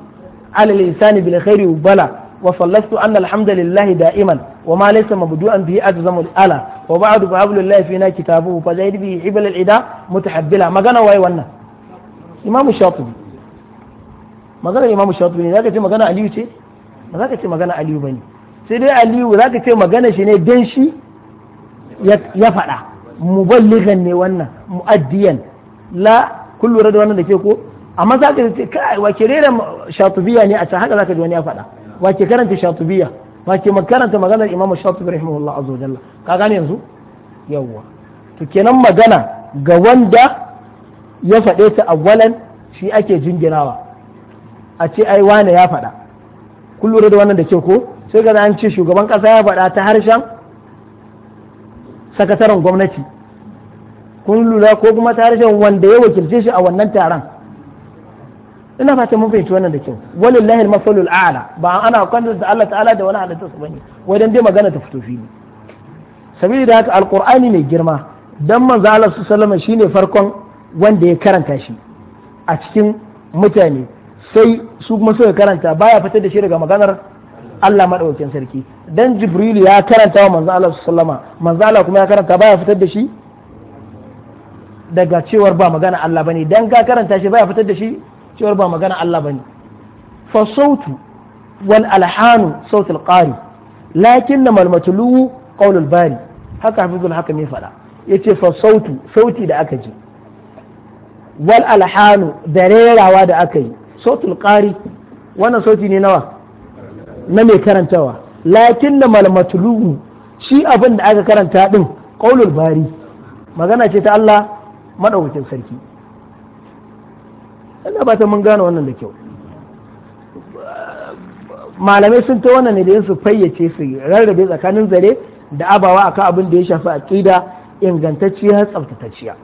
على الإنسان بالخير وبلا وصلفت أن الحمد لله دائما وما ليس مبدوءا به أجزم الألا وبعد فعبد الله فينا كتابه فزيد به حبل العداء متحبلا ما قنا واي ونا إمام الشاطبي ما قال الإمام الشاطبي ذاك ما قنا علي شيء ما ذاك ما قنا علي بني سيدي علي ذاك ما قنا شيء دنشي يفعل مبلغا ونا مؤديا لا كل رد وانا da ke ko amma za ka ce kai wa kirera shatubiya ne a can haka za ka ji wani ya faɗa wa karanta shatubiya wa ke maganar imam shatubi rahimahullah azza jalla ka gane yanzu yawwa to kenan magana ga wanda ya faɗe ta awwalan shi ake jinginawa a ce ai wane ya faɗa kun lura da wannan da ke ko sai ga an ce shugaban ƙasa ya faɗa ta harshen sakataren gwamnati kun lura ko kuma ta harshen wanda ya wakilce shi a wannan taron ina fata mun fahimci wannan da kyau walillahi al al a'la ba ana kwanta da Allah ta'ala da wani halitta su bane wai dan dai magana ta fito fili saboda haka alqur'ani mai girma dan manzo Allah sallallahu alaihi shine farkon wanda ya karanta shi a cikin mutane sai su kuma suka karanta baya fitar da shi daga maganar Allah madaukakin sarki dan jibril ya karanta wa manzo Allah sallama manzo Allah kuma ya karanta baya fitar da shi daga cewar ba magana Allah bane dan ka karanta shi baya fitar da shi cewar ba magana Allah bane fa sautu wal alhanu sautul qari lakin mal matlubu qaulul bari haka hafizul haka mai fada yace fa sautu sauti da aka ji wal alhanu da da aka yi sautul qari wannan sauti ne nawa na mai karantawa lakin da malmatulubu shi abin da aka karanta din qaulul bari magana ce ta Allah madaukakin sarki ina ba ta mun gane wannan da kyau malamai sun ta wannan ne da yin su fayyace su rarrabe tsakanin zare da abawa akan abin da ya shafi aqida ingantacciya tsaftatacciya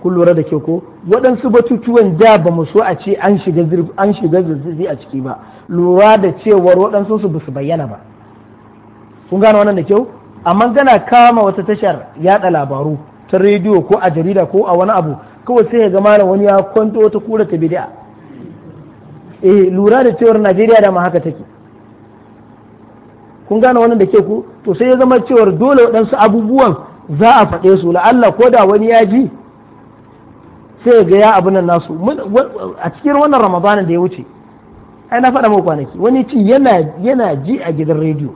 kun lura da kyau ko waɗansu batutuwan da ba mu so a ce an shiga zirzi a ciki ba lura da cewar waɗansu su ba su bayyana ba kun gane wannan da kyau amma gana kama wata tashar yada labaru ta rediyo ko a jarida ko a wani abu kawai sai ya ga malam wani ya kwanto wata kura ta bid'a eh lura da cewar Najeriya da ma haka take kun gane wannan da ke ku to sai ya zama cewar dole waɗansu abubuwan za a faɗe su la'alla ko da wani ya ji sai ga ya abin nan nasu a cikin wannan ramadanin da ya wuce ai na faɗa mai kwanaki wani ci yana ji a gidan rediyo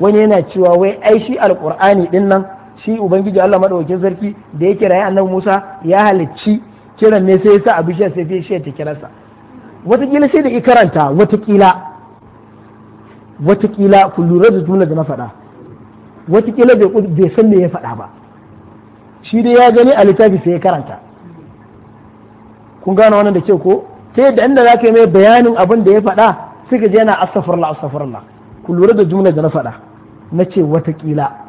wani yana cewa wai ai shi alƙur'ani ɗin nan shi ubangiji Allah madaukakin sarki da ya kira annabi Musa ya halicci kiran ne sai ya sa abishar sai bishiyar ta kirarsa watakila sai da i karanta watakila watakila ku lura da jumla da na faɗa watakila bai san me ya faɗa ba shi dai ya gani a littafi sai ya karanta kun gane wannan da ke ko ta yadda inda za ka yi mai bayanin abin da ya faɗa suka ka je na astaghfirullah astaghfirullah ku lura da jumla da na faɗa na ce watakila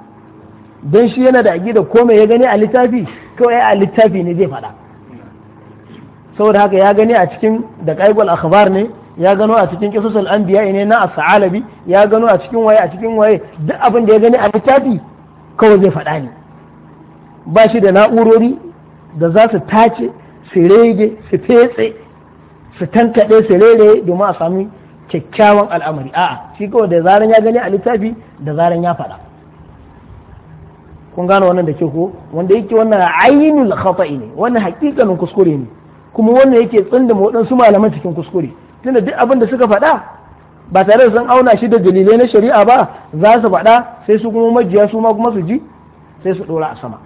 don shi yana da aƙida ko mai ya gani a littafi kawai a littafi ne zai faɗa saboda haka ya gani a cikin da a akhbar ne ya gano a cikin kisosul anbiya ne na as ya gano a cikin waye a cikin waye duk abin da ya gani a littafi kawai zai faɗa ne ba shi da na'urori da za su tace su rege su fetse su tankaɗe su rere domin a sami kyakkyawan al'amari a'a shi kawai da zaran ya gani a littafi da zaran ya faɗa kun gane wannan da ke ko wanda yake wannan ainul khata'i ne wannan hakikanin kuskure ne kuma wannan yake tsinda waɗansu malaman cikin kuskure tunda duk abin da suka faɗa ba tare da sun auna shi da dalilai na shari'a ba za su faɗa sai su kuma majiya su ma kuma su ji sai su ɗora a sama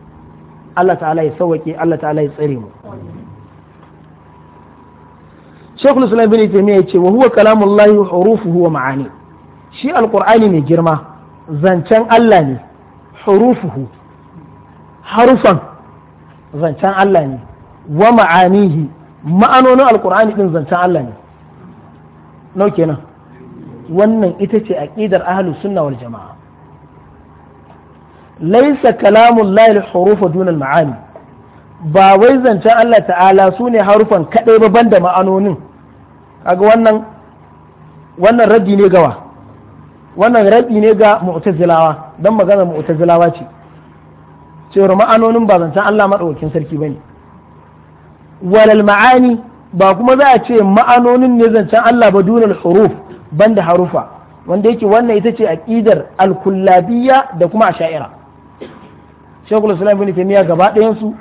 Allah ta'ala ya sauwake Allah ta'ala ya tsare mu Sheikhul Islam bin Taymiyyah yace wa huwa kalamullahi hurufuhu wa ma'ani shi alqur'ani mai girma zancen Allah ne hurufuhu harufan zancen Allah ne wa ma'anihi ma'anonin alkur'ani din zancen Allah ne nau kenan wannan ita ce aqidar ahlus sunna wal jama'a laisa kalamun layil hurufa duna ma'ani ba wai zancen Allah ta'ala su ne harufan kaɗai ba banda ma'anonin kaga wannan wannan raddi ne gawa wannan raddi ne ga mu'tazilawa dan magana mu'tazilawa ce cewar ma'anonin ba zancen Allah maɗaukakin sarki ba ne walal ma'ani ba kuma za a ce ma'anonin ne zancen Allah ba dunal huruf da harufa wanda yake wannan ita ce aƙidar ƙidar da kuma sha'ira shekul islam ibn taymiya gaba ɗayansu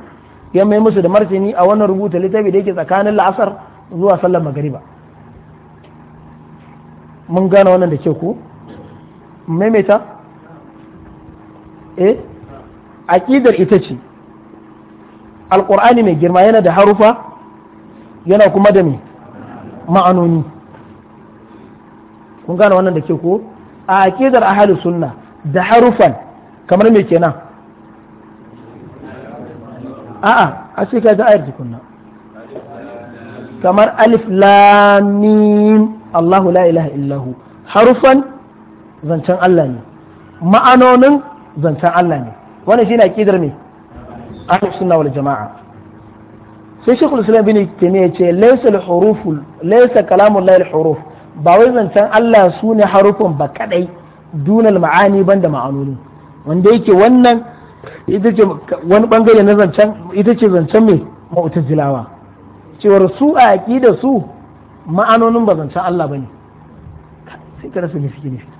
ya mai musu da martani a wannan rubuta littafi da yake tsakanin la'asar zuwa sallar magariba mun gane wannan da ke maimaita eh aƙidar ita ce alƙur'ani mai girma yana da harufa yana kuma da ma'anoni kun gane wannan da ke ko a aƙidar ahli sunna da harufan kamar me kenan a'a a ce kai ga ayar tukunna kamar alif lam mim Allahu la ilaha illahu harufan zancen Allah ne ma'anonin zancen Allah ne wannan shine aqidar me ahlus sunna wal jamaa sai shekul islam bin taymiya ce laysa al huruf laysa kalamu al huruf ba wai zancen Allah sune ne harufin ba kadai dunal ma'ani banda ma'anoni wanda yake wannan ita ce wani bangare na zancen ita ce zancen mai mu'tazilawa cewar su a aqida su ma'anonin ba zancen Allah bane sai ka rasa me suke nufi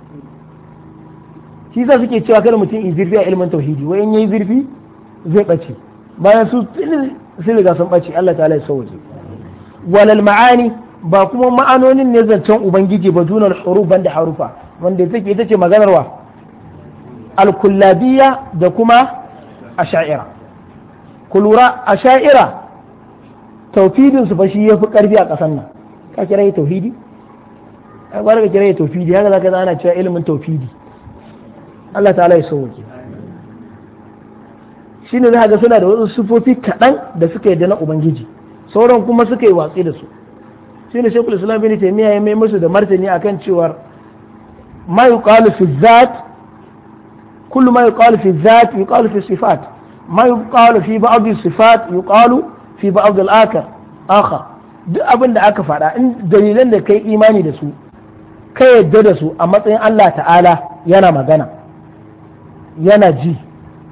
shi suke cewa kada mutum yi zirfi a ilimin tauhidi wai in yayi zirfi zai bace bayan su sun riga sun bace Allah ta'ala ya sauke walal ma'ani ba kuma ma'anonin ne zancen ubangiji ba dunal huruf banda harufa wanda take ita ce maganarwa al-kullabiyya da kuma asha'ira kulura asha'ira tauhidin su fa shi yafi karfi a kasan nan ka kira tauhidi ai ba ka kira tauhidi haka zaka ana cewa ilimin tauhidi Allah ta'ala ya sauke shi ne za ga suna da wasu sufofi kaɗan da suka yarda na ubangiji sauran kuma suka yi watsi da su shi ne shekul islam bin taimiyya ya mai musu da martani akan cewar ma yuqalu fi zat kullu ma yuqalu fi zat yuqalu fi sifat ma yuqalu fi ba'd sifat yuqalu fi ba'd al-akhar akhar duk abin da aka faɗa in dalilan da kai imani da su ka yadda da su a matsayin Allah ta'ala yana magana yana ji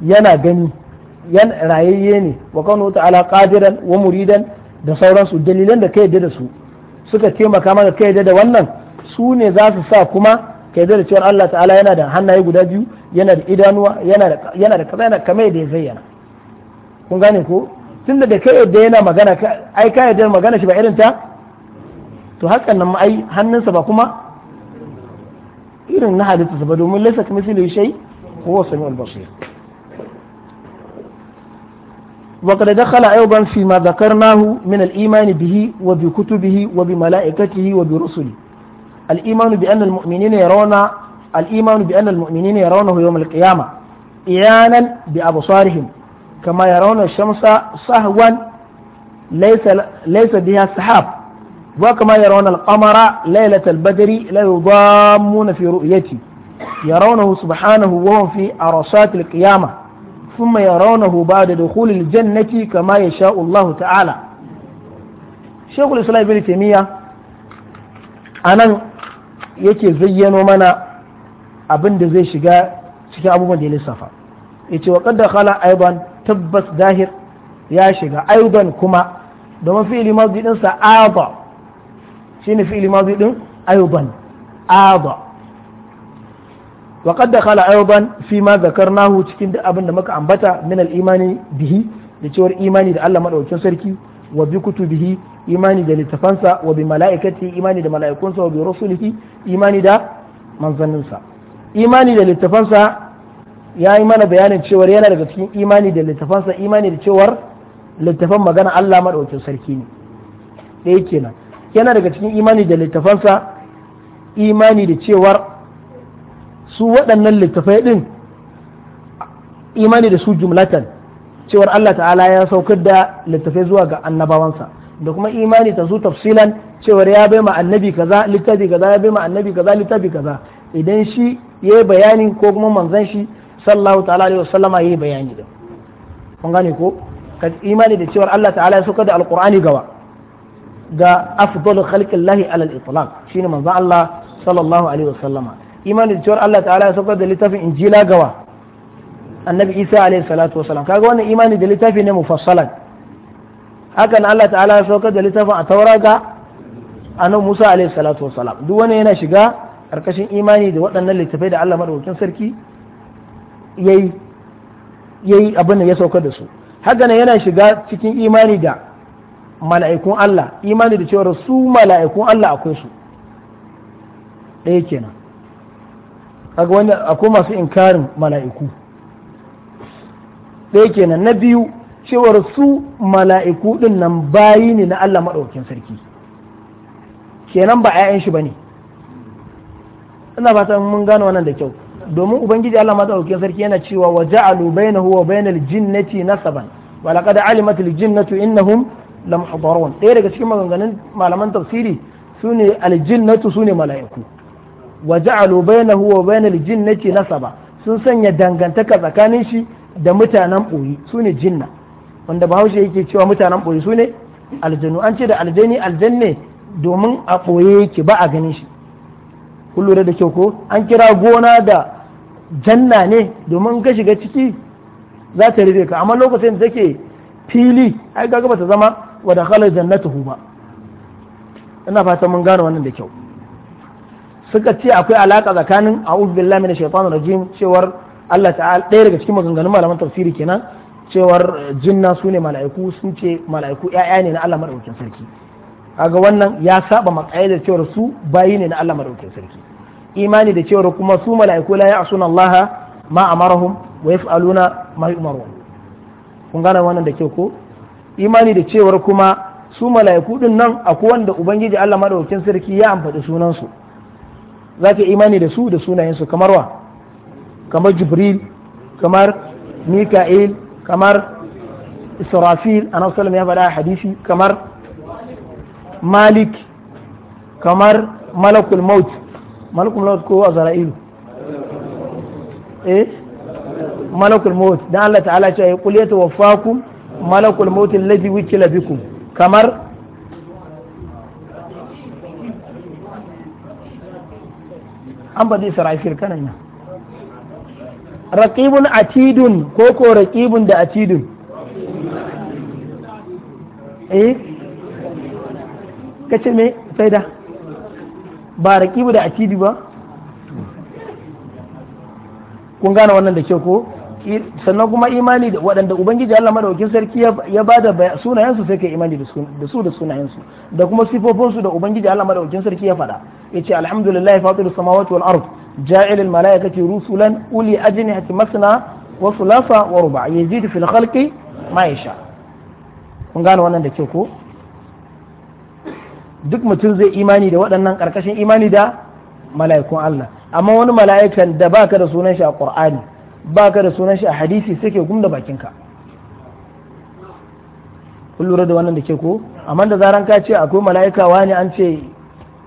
yana gani yan rayayye ne wa ta ala qadiran wa muridan da sauransu dalilan da ka yadda da su suka taimaka maka ka yadda da wannan su ne za su sa kuma ka yadda da cewar Allah ta'ala yana da hannaye guda biyu yana da idanuwa yana da kasa kaza yana kama da ya zayyana kun gane ko tunda da ka yadda yana magana ai ka yadda magana shi ba irin ta to hakan nan ai hannunsa ba kuma irin na halittarsa ba domin laisa kamithlihi shai هو السميع البصير وقد دخل أيضا فيما ذكرناه من الإيمان به وبكتبه وبملائكته وبرسله الإيمان بأن المؤمنين يرون الإيمان بأن المؤمنين يرونه يوم القيامة إيانا بأبصارهم كما يرون الشمس صهوا ليس ليس بها سحاب وكما يرون القمر ليلة البدر لا يضامون في رؤيته yarawnahu subhanahu wa hum fi arasat al-qiyamah thumma yarawnahu ba'da dukhul al-jannati kama ya sha Allah ta'ala Sheikhul Islam Ibn Taymiyyah anan yake zayyano mana abin da zai shiga cikin abubuwan da ya lissafa yace wa qad dakhala aidan tabbas zahir ya shiga aidan kuma domin fi'ili madhi din sa ada shine fi'ili madhi din aidan ada wa qad dakhala ayban fi ma zakarnahu cikin duk abin da muka ambata min al-imani bihi da cewar imani da Allah madaukakin sarki wa bi kutubihi imani da littafansa wa bi mala'ikati imani da mala'ikunsa wa bi rusulihi imani da manzanninsa imani da littafansa ya yi mana bayanin cewar yana daga cikin imani da littafansa imani da cewar littafan magana Allah madaukakin sarki ne ɗaya kenan yana daga cikin imani da littafansa imani da cewar su waɗannan littafai ɗin imani da su jumlatan cewar Allah ta'ala ya saukar da littafai zuwa ga annabawansa da kuma imani ta su tafsilan cewar ya bai ma annabi kaza littafi kaza ya bai ma annabi kaza littafi kaza idan shi yi bayani ko kuma manzan shi sallahu ta'ala alaihi wasallama yi bayani da kun gane ko ka imani da cewar Allah ta'ala ya saukar da alqur'ani gawa ga afdalu khalqillahi alal itlaq shine manzan Allah sallallahu alaihi wasallama imani da cewar Allah ta'ala ya saukar da littafin injila gawa annabi isa alaihi salatu wasalam kaga wannan imani da littafi ne mufassalan hakan Allah ta'ala ya saukar da littafin a taura ga annabi musa alaihi salatu wasalam duk wani yana shiga karkashin imani da waɗannan littafai da Allah madaukakin sarki yayi yayi abin da ya saukar da su hakan yana shiga cikin imani da mala'ikun Allah imani da cewar su mala'ikun Allah akwai su ɗaya kenan kaga wani akwai masu inkarin mala'iku ɗaya kenan na biyu cewar su mala'iku ɗin nan bayi ne na Allah maɗaukin sarki kenan ba 'ya'yan shi ba ne ina fatan mun gano wannan da kyau domin ubangiji Allah maɗaukin sarki yana cewa wa ja'alu bainahu wa bainal jinnati nasaban wa laqad alimat al jinnatu innahum hadarun ɗaya daga cikin maganganun malaman tafsiri sune al jinnatu sune mala'iku wa ja'alu bainahu wa bainal jinnati nasaba sun sanya dangantaka tsakanin shi da mutanen boyi sune jinna wanda bahaushe yake cewa mutanen boyi sune aljannu an ce da aljani aljanne domin a boye yake ba a ganin shi kun da kyau ko an kira gona da janna ne domin ka shiga ciki za ta rufe ka amma lokacin da take fili ai ga ba ta zama wa da jannatuhu ba ina fata mun gane wannan da kyau suka ce akwai alaka tsakanin a'udhu billahi minash shaitanir rajim cewar Allah ta'ala ɗaya daga cikin maganganun malaman tafsiri kenan cewar jinna su ne mala'iku sun ce mala'iku ƴaƴa ne na Allah madaukakin sarki kaga wannan ya saba da cewar su bayi ne na Allah madaukakin sarki imani da cewar kuma su mala'iku la ya'suna Allah ma amarahum wa yaf'aluna ma yu'marun kun gane wannan da kyau ko imani da cewar kuma su mala'iku din nan akwai wanda ubangiji Allah madaukakin sarki ya amfani sunan su za ka imani da su da sunayensu kamar wa kamar jibril kamar mika'il kamar israfil a nasarar ya faɗa hadisi kamar malik kamar malakul maut malakul maut ko azra'ilu eh malakul maut dan Allah ta'ala ce ya kulli yatawaffakum malakul maut alladhi wukila bikum kamar an ba zai sarai shirkanan nan raqibun atidun ko ko raqibun da atidun eh kace me sai ba raqibu da atidu ba kun gane wannan da ke ko sannan kuma imani da waɗanda ubangiji Allah madaukin sarki ya bada sunayensu sai kai imani da su da sunayensu da kuma sifofinsu da ubangiji Allah madaukin sarki ya faɗa yace alhamdulillah fatiru samawati wal ard ja'il al malaikati rusulan uli ajnihati masna wa thulatha wa ruba' yazidu fil khalqi ma yasha kun gane wannan da ke ko duk mutum zai imani da waɗannan karkashin imani da mala'ikun Allah amma wani mala'ikan da baka da sunan shi a Qur'ani ba ka da sunan shi a hadisi sai ke gumda bakinka kun lura da wannan da ke ko amma da zaran ka ce akwai mala'ika wani an ce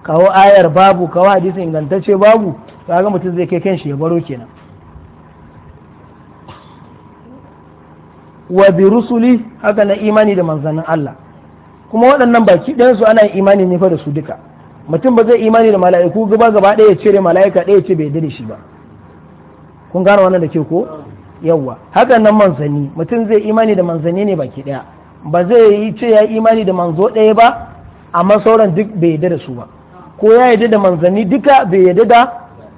kawo ayar babu kawo hadisi ingantacce babu kaga mutum zai kai kanshi ya baro kenan wa bi rusuli haka na imani da manzannin Allah kuma waɗannan baki ɗayansu ana imani ne fa da su duka mutum ba zai imani da mala'iku gaba gaba ɗaya ya cire mala'ika ɗaya ce bai da shi ba kun gane wannan da ke ko yawa hakan nan manzanni mutum zai imani da manzanni ne baki daya ba zai yi ce ya imani da manzo daya ba amma sauran duk bai yadda da su ba ko ya yarda da manzanni duka bai yarda da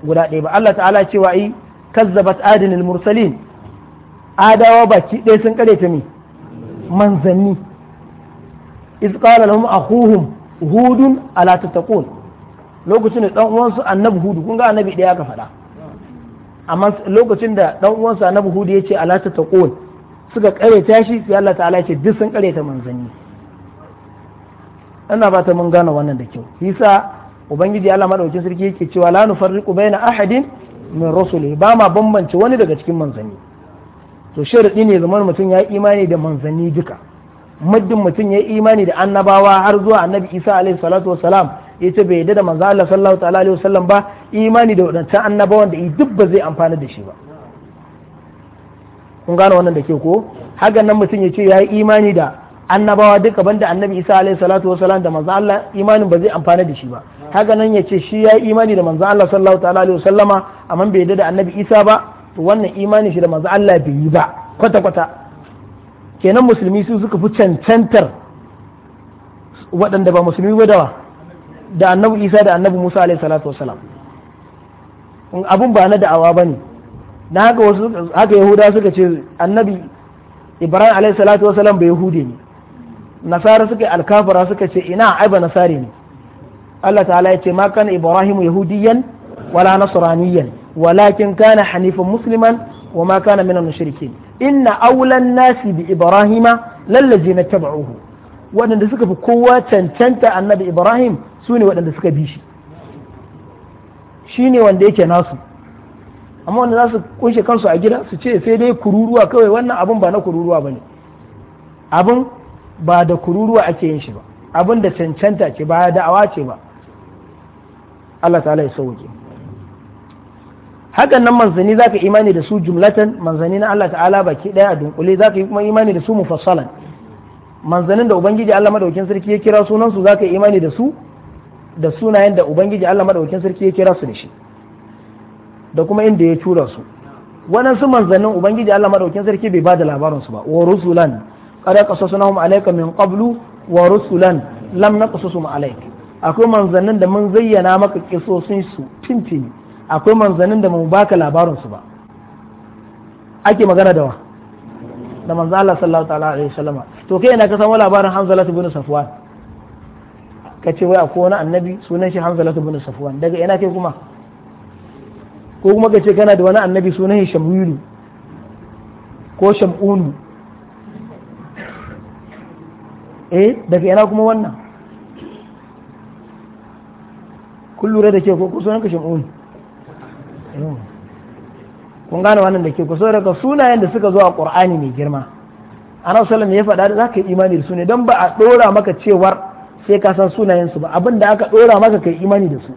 guda daya ba Allah ta'ala cewa ai kazzabat adinil mursalin adawa baki ɗaya sun kare ta mi manzanni iz qala lahum akhuhum hudun ala tattaqun lokacin da dan uwansu annabi hudu kun ga annabi daya ka faɗa amma lokacin da dan uwansa annabi hudu ya ce ala ta taqul suka ta shi sai Allah ta'ala ya duk sun ta manzanni ina ba ta mun gane wannan da kyau yasa ubangiji Allah madaukakin sarki yake cewa la nufarriqu baina ahadin min rusuli ba ma bambance wani daga cikin manzanni to sharadi ne zaman mutum ya imani da manzanni duka muddin mutum ya imani da annabawa har zuwa annabi Isa alaihi salatu wassalam yace bai yadda da manzo Allah sallallahu ta'ala alaihi wasallam ba imani da wadancan annabawan da duk ba zai amfana da shi ba kun gane wannan da ke ko hakan nan mutum yace yayi imani da annabawa duka banda annabi Isa alaihi salatu wasallam da manzo Allah imanin ba zai amfana da shi ba haka nan yace shi yayi imani da manzo Allah sallallahu ta'ala alaihi wasallama amma bai yadda da annabi Isa ba to wannan imani shi da manzo Allah bai yi ba kwata kwata kenan musulmi su suka fi cancantar waɗanda ba musulmi ba dawa da annabi isa da annabi musa alaihi salatu wasalam abun ba na da'awa ba ne na haka wasu haka yahuda suka ce annabi ibrahim alaihi salatu wasalam bai yahude ne nasara suka alkafara suka ce ina aiba nasari ne Allah ta'ala ya ce ma kana ibrahim yahudiyan wala nasraniyan walakin kana hanifan musliman wa ma kana minal mushrikin inna aulan nasi bi ibrahima na taba'uhu waɗanda suka fi kowa cancanta annabi ibrahim su ne waɗanda suka bi shi shi ne wanda yake nasu amma wanda za su kunshe kansu a gida su ce sai dai kururuwa kawai wannan abin ba na kururuwa ba ne abin ba da kururuwa ake yin shi ba abin da cancanta ce ba da'awa ce ba Allah ta'ala ya sauke hakan nan manzanni ka imani da su jumlatan manzanni na Allah ta'ala baki ɗaya a dunkule zaka yi kuma imani da su mufassalan manzannin da ubangiji Allah madaukin sarki ya kira sunan su yi imani da su da sunayen da ubangiji Allah madaukakin sarki ya kira su da shi da kuma inda ya tura su waɗansu manzannin ubangiji Allah madaukakin sarki bai ba da labarin su ba wa rusulan qad qasasunahum alayka min qablu wa rusulan lam naqsusum alayka akwai manzannin da mun zayyana maka kisosin su tintini akwai manzannin da mun baka labarin su ba ake magana da wa da manzo Allah sallallahu ta'ala alaihi wasallama to kai ina ka samu labarin Hamza ibn Safwan ka ce wai akwai wani annabi sunan shi hanzalatu bin safwan daga ina kai kuma ko kuma ka ce kana da wani annabi sunan shi shamuilu ko shamunu eh daga ina kuma wannan kun lura da ke ko sunan ka shamunu kun gane wannan da ke ku daga sunayen da suka zo a qur'ani mai girma ana sallallahu ya faɗa da zaka yi imani da su ne don ba a ɗora maka cewar sai ka san sunayensu ba abin da aka ɗora maka kai imani da su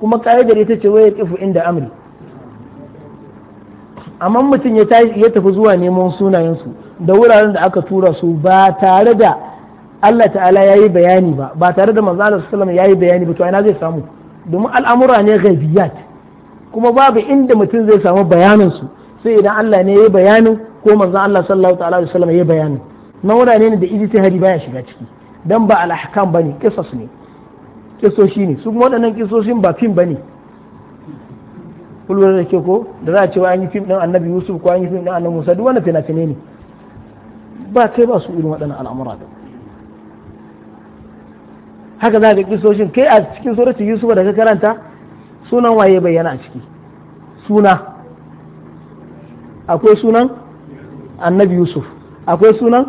kuma ka'idar ita ce waye kifu inda amri amma mutum ya tafi zuwa neman sunayensu da wuraren da aka tura su ba tare da Allah ta'ala ya yi bayani ba ba tare da manzo Allah sallallahu ya yi bayani ba to ina zai samu domin al'amura ne ghaibiyat kuma babu inda mutum zai samu bayanin su sai idan Allah ne ya yi bayanin ko manzo Allah sallallahu ta'ala alaihi wasallam ya yi bayanin na wurare ne da hari baya shiga ciki dan ba al ba bane kisos ne kisoshi ne su waɗannan kisoshin ba fim bane kulwar da ke ko da za a ce an yi fim ɗin annabi yusuf ko an yi fim ɗin annabi musa duk wani fina-finai ne ba kai ba su irin waɗannan al'amura ba, haka za ka kisoshin kai a cikin suratu yusuf da ka karanta sunan waye bayyana a ciki suna akwai sunan annabi yusuf akwai sunan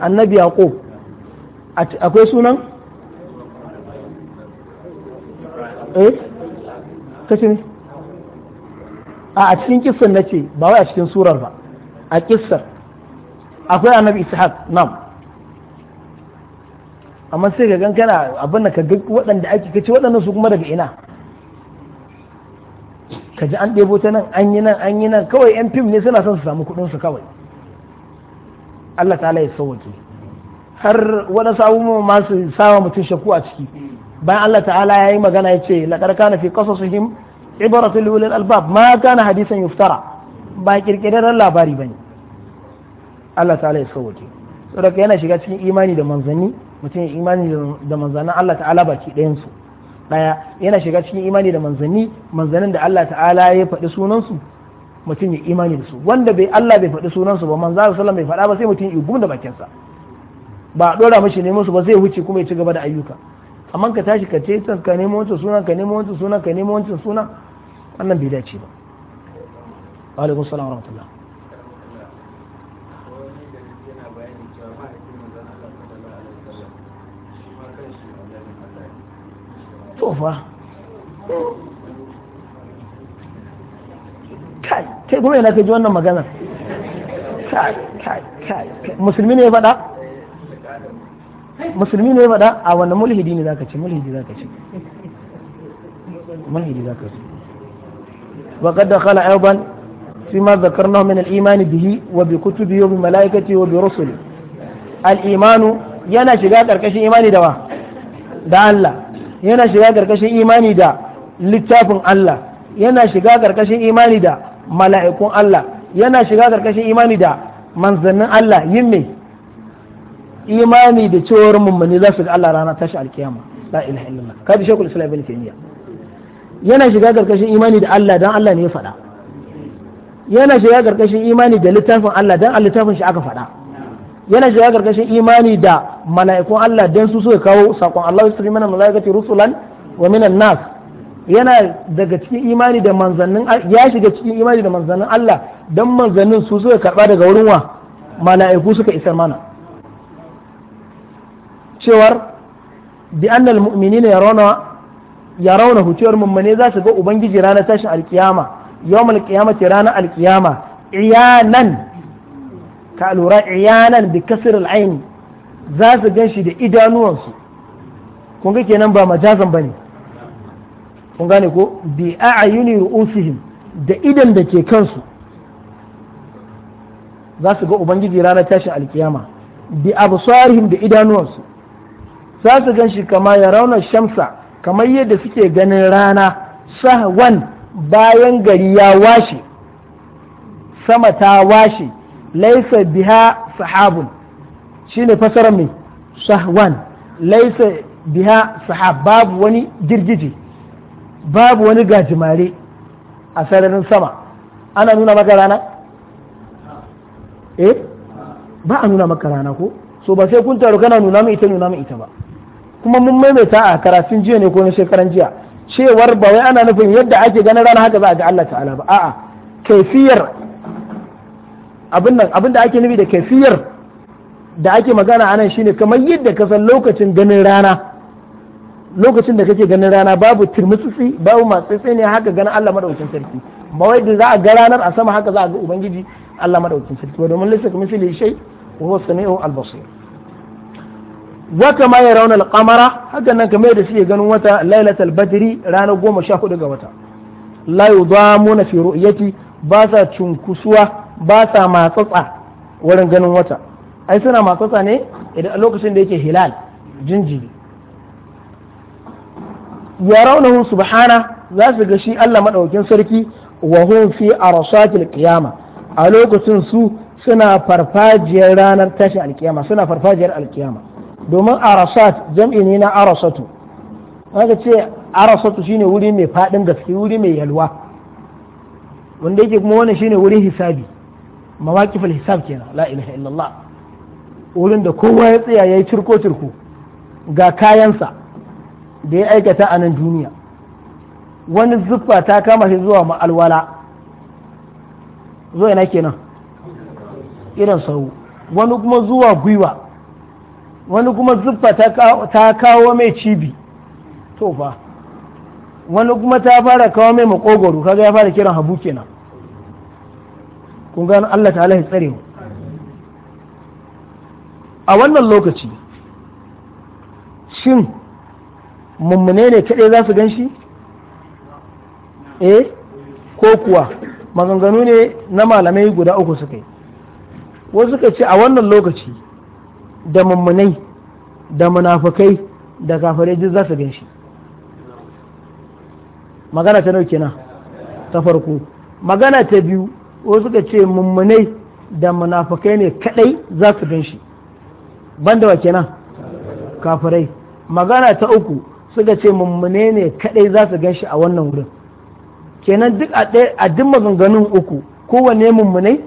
annabi yaqub akwai sunan eh ne a cikin kissan nace ba wai a cikin surar ba a kissar akwai annabi ishaq nam amma sai ga gan kana abin da ka duk waɗanda ake kace waɗannan su kuma daga ina ka ji an ɗebo ta nan an yi nan an yi nan kawai yan fim ne suna son su samu kuɗinsu kawai Allah ta ya sauwake har wani sabon masu sawa mutum shakku a ciki bayan Allah ta'ala ya yi magana ya ce laƙar kana fi qasasihim ibaratul ulil albab ma kana hadisan yuftara ba ƙirƙirarren labari ba ne Allah ta'ala ya sauke saboda yana shiga cikin imani da manzanni mutum imani da manzannin Allah ta'ala baki ɗayan su ɗaya yana shiga cikin imani da manzanni manzannin da Allah ta'ala ya faɗi sunansu mutum ya imani da su wanda bai Allah bai faɗi sunansu ba manzo sallallahu alaihi wasallam bai faɗa ba sai mutum ya gunda bakinsa ba a dora mashi neman su ba zai wuce kuma ya ci gaba da ayyuka amma ka tashi ka ce ka neman wancan suna ka neman wancan suna ka neman wancan suna wannan bai dace ba wa alaikum salam wa rahmatullah tofa kai kai kuma yana kai ji wannan magana kai kai kai musulmi ne ya faɗa musulmi ne faɗa a wani mulhidi ne zaka ce mulhidi zaka ce mulhidi zaka ce wa qad dakhala ayban wa bi malaikati wa bi rusuli al-iman yana shiga karkashin imani da wa? Da Allah. Yana shiga karkashin imani da littafin Allah yana shiga ƙarƙashin imani da mala'ikun Allah yana shiga ƙarƙashin imani da manzannin Allah yin mai imani da cewar mummuni za su ga Allah rana tashi alkiyama la ilaha illallah kaji shekul islam ibn taymiya yana shiga karkashin imani da Allah dan Allah ne ya faɗa yana shiga karkashin imani da littafin Allah dan Allah littafin shi aka faɗa yana shiga karkashin imani da mala'ikun Allah dan su suka kawo sakon Allah ya sirri mana mala'ikati rusulan wa minan nas yana daga cikin imani da manzannin ya shiga cikin imani da manzannin Allah dan manzannin su suka karba daga wurin wa mala'iku suka isar mana cewar bi annal mu'minina yarawna yarawna hu cewar mummune za su ga ubangiji ranar tashin alkiyama yawmal qiyamati ranar alkiyama iyanan ka lura iyanan bi kasr al-ain za su gan shi da idanuwansu kun ga kenan ba majazan bane kun gane ko bi a'yuni ru'usihim da idan da ke kansu za su ga ubangiji ranar tashin alkiyama bi absarihim da idanuwansu za su gan shi kama ya rauna shamsa kamar yadda suke ganin rana sahwan bayan gari ya washe sama ta washe laisa biha sahabun shi ne fasarar mai sahwan laisa biha sahab babu wani girgije babu wani gajimare a sararin sama ana nuna maka rana? eh ba a nuna maka rana ko so ba sai kun taru kana nuna mai ita nuna mai ita ba kuma mun maimaita a karatun jiya ne ko na shekaran jiya cewar ba wai ana nufin yadda ake ganin rana haka za a ga Allah ta'ala ba a'a kaifiyar abin nan abin da ake nufi da kaifiyar da ake magana anan shine kamar yadda ka san lokacin ganin rana lokacin da kake ganin rana babu turmutsutsi babu matsatsi ne haka ganin Allah madaukakin sarki ba wai da za a ga ranar a sama haka za a ga ubangiji Allah madaukakin sarki domin lissa kamar shi shai wa huwa samiu al-basir Wata ma ya raunar kamara hakan nan kamar da suke ganin wata lailatul badri ranar goma sha hudu ga wata la yudamuna fi ru'yati ba sa cunkusuwa ba sa matsatsa wurin ganin wata ai suna matsatsa ne idan lokacin da yake hilal jinjiri ya raunahu subhana za su ga shi Allah maɗaukin sarki wa hun fi arsatil qiyama a lokacin su suna farfajiyar ranar tashi alkiyama suna farfajiyar alkiyama domin arasat jam'i ne na arasatu wanda ce arasatu shine wuri mai faɗin gaske wuri mai yalwa wanda yake kuma wannan shine wurin hisabi mawaqifal hisab kenan la ilaha illallah wurin da kowa ya tsaya yayi cirko cirko ga kayansa da ya aikata a nan duniya wani zuffa ta kama shi zuwa ma'alwala zuwa yana kenan irin sau wani kuma zuwa gwiwa wani kuma zuffa ta kawo mai cibi to fa wani kuma ta fara kawo mai makogoro kaga ya fara kiran habu kenan kun gano Allah ta ya tsare a wannan lokaci shin mummune ne kaɗai za su gan shi eh ko kuwa maganganu ne na malamai guda uku suka yi wasu suka ce a wannan lokaci da mummunai da munafukai da kafirai duk za su gan shi magana ta nauke na ta farko magana ta biyu wasu suka ce mummunai da munafukai ne kadai za su gan shi banda wa kenan kafirai magana ta uku suka ce mummune ne kadai za su gan shi a wannan wurin kenan duk a duk maganganun uku kowane mummunai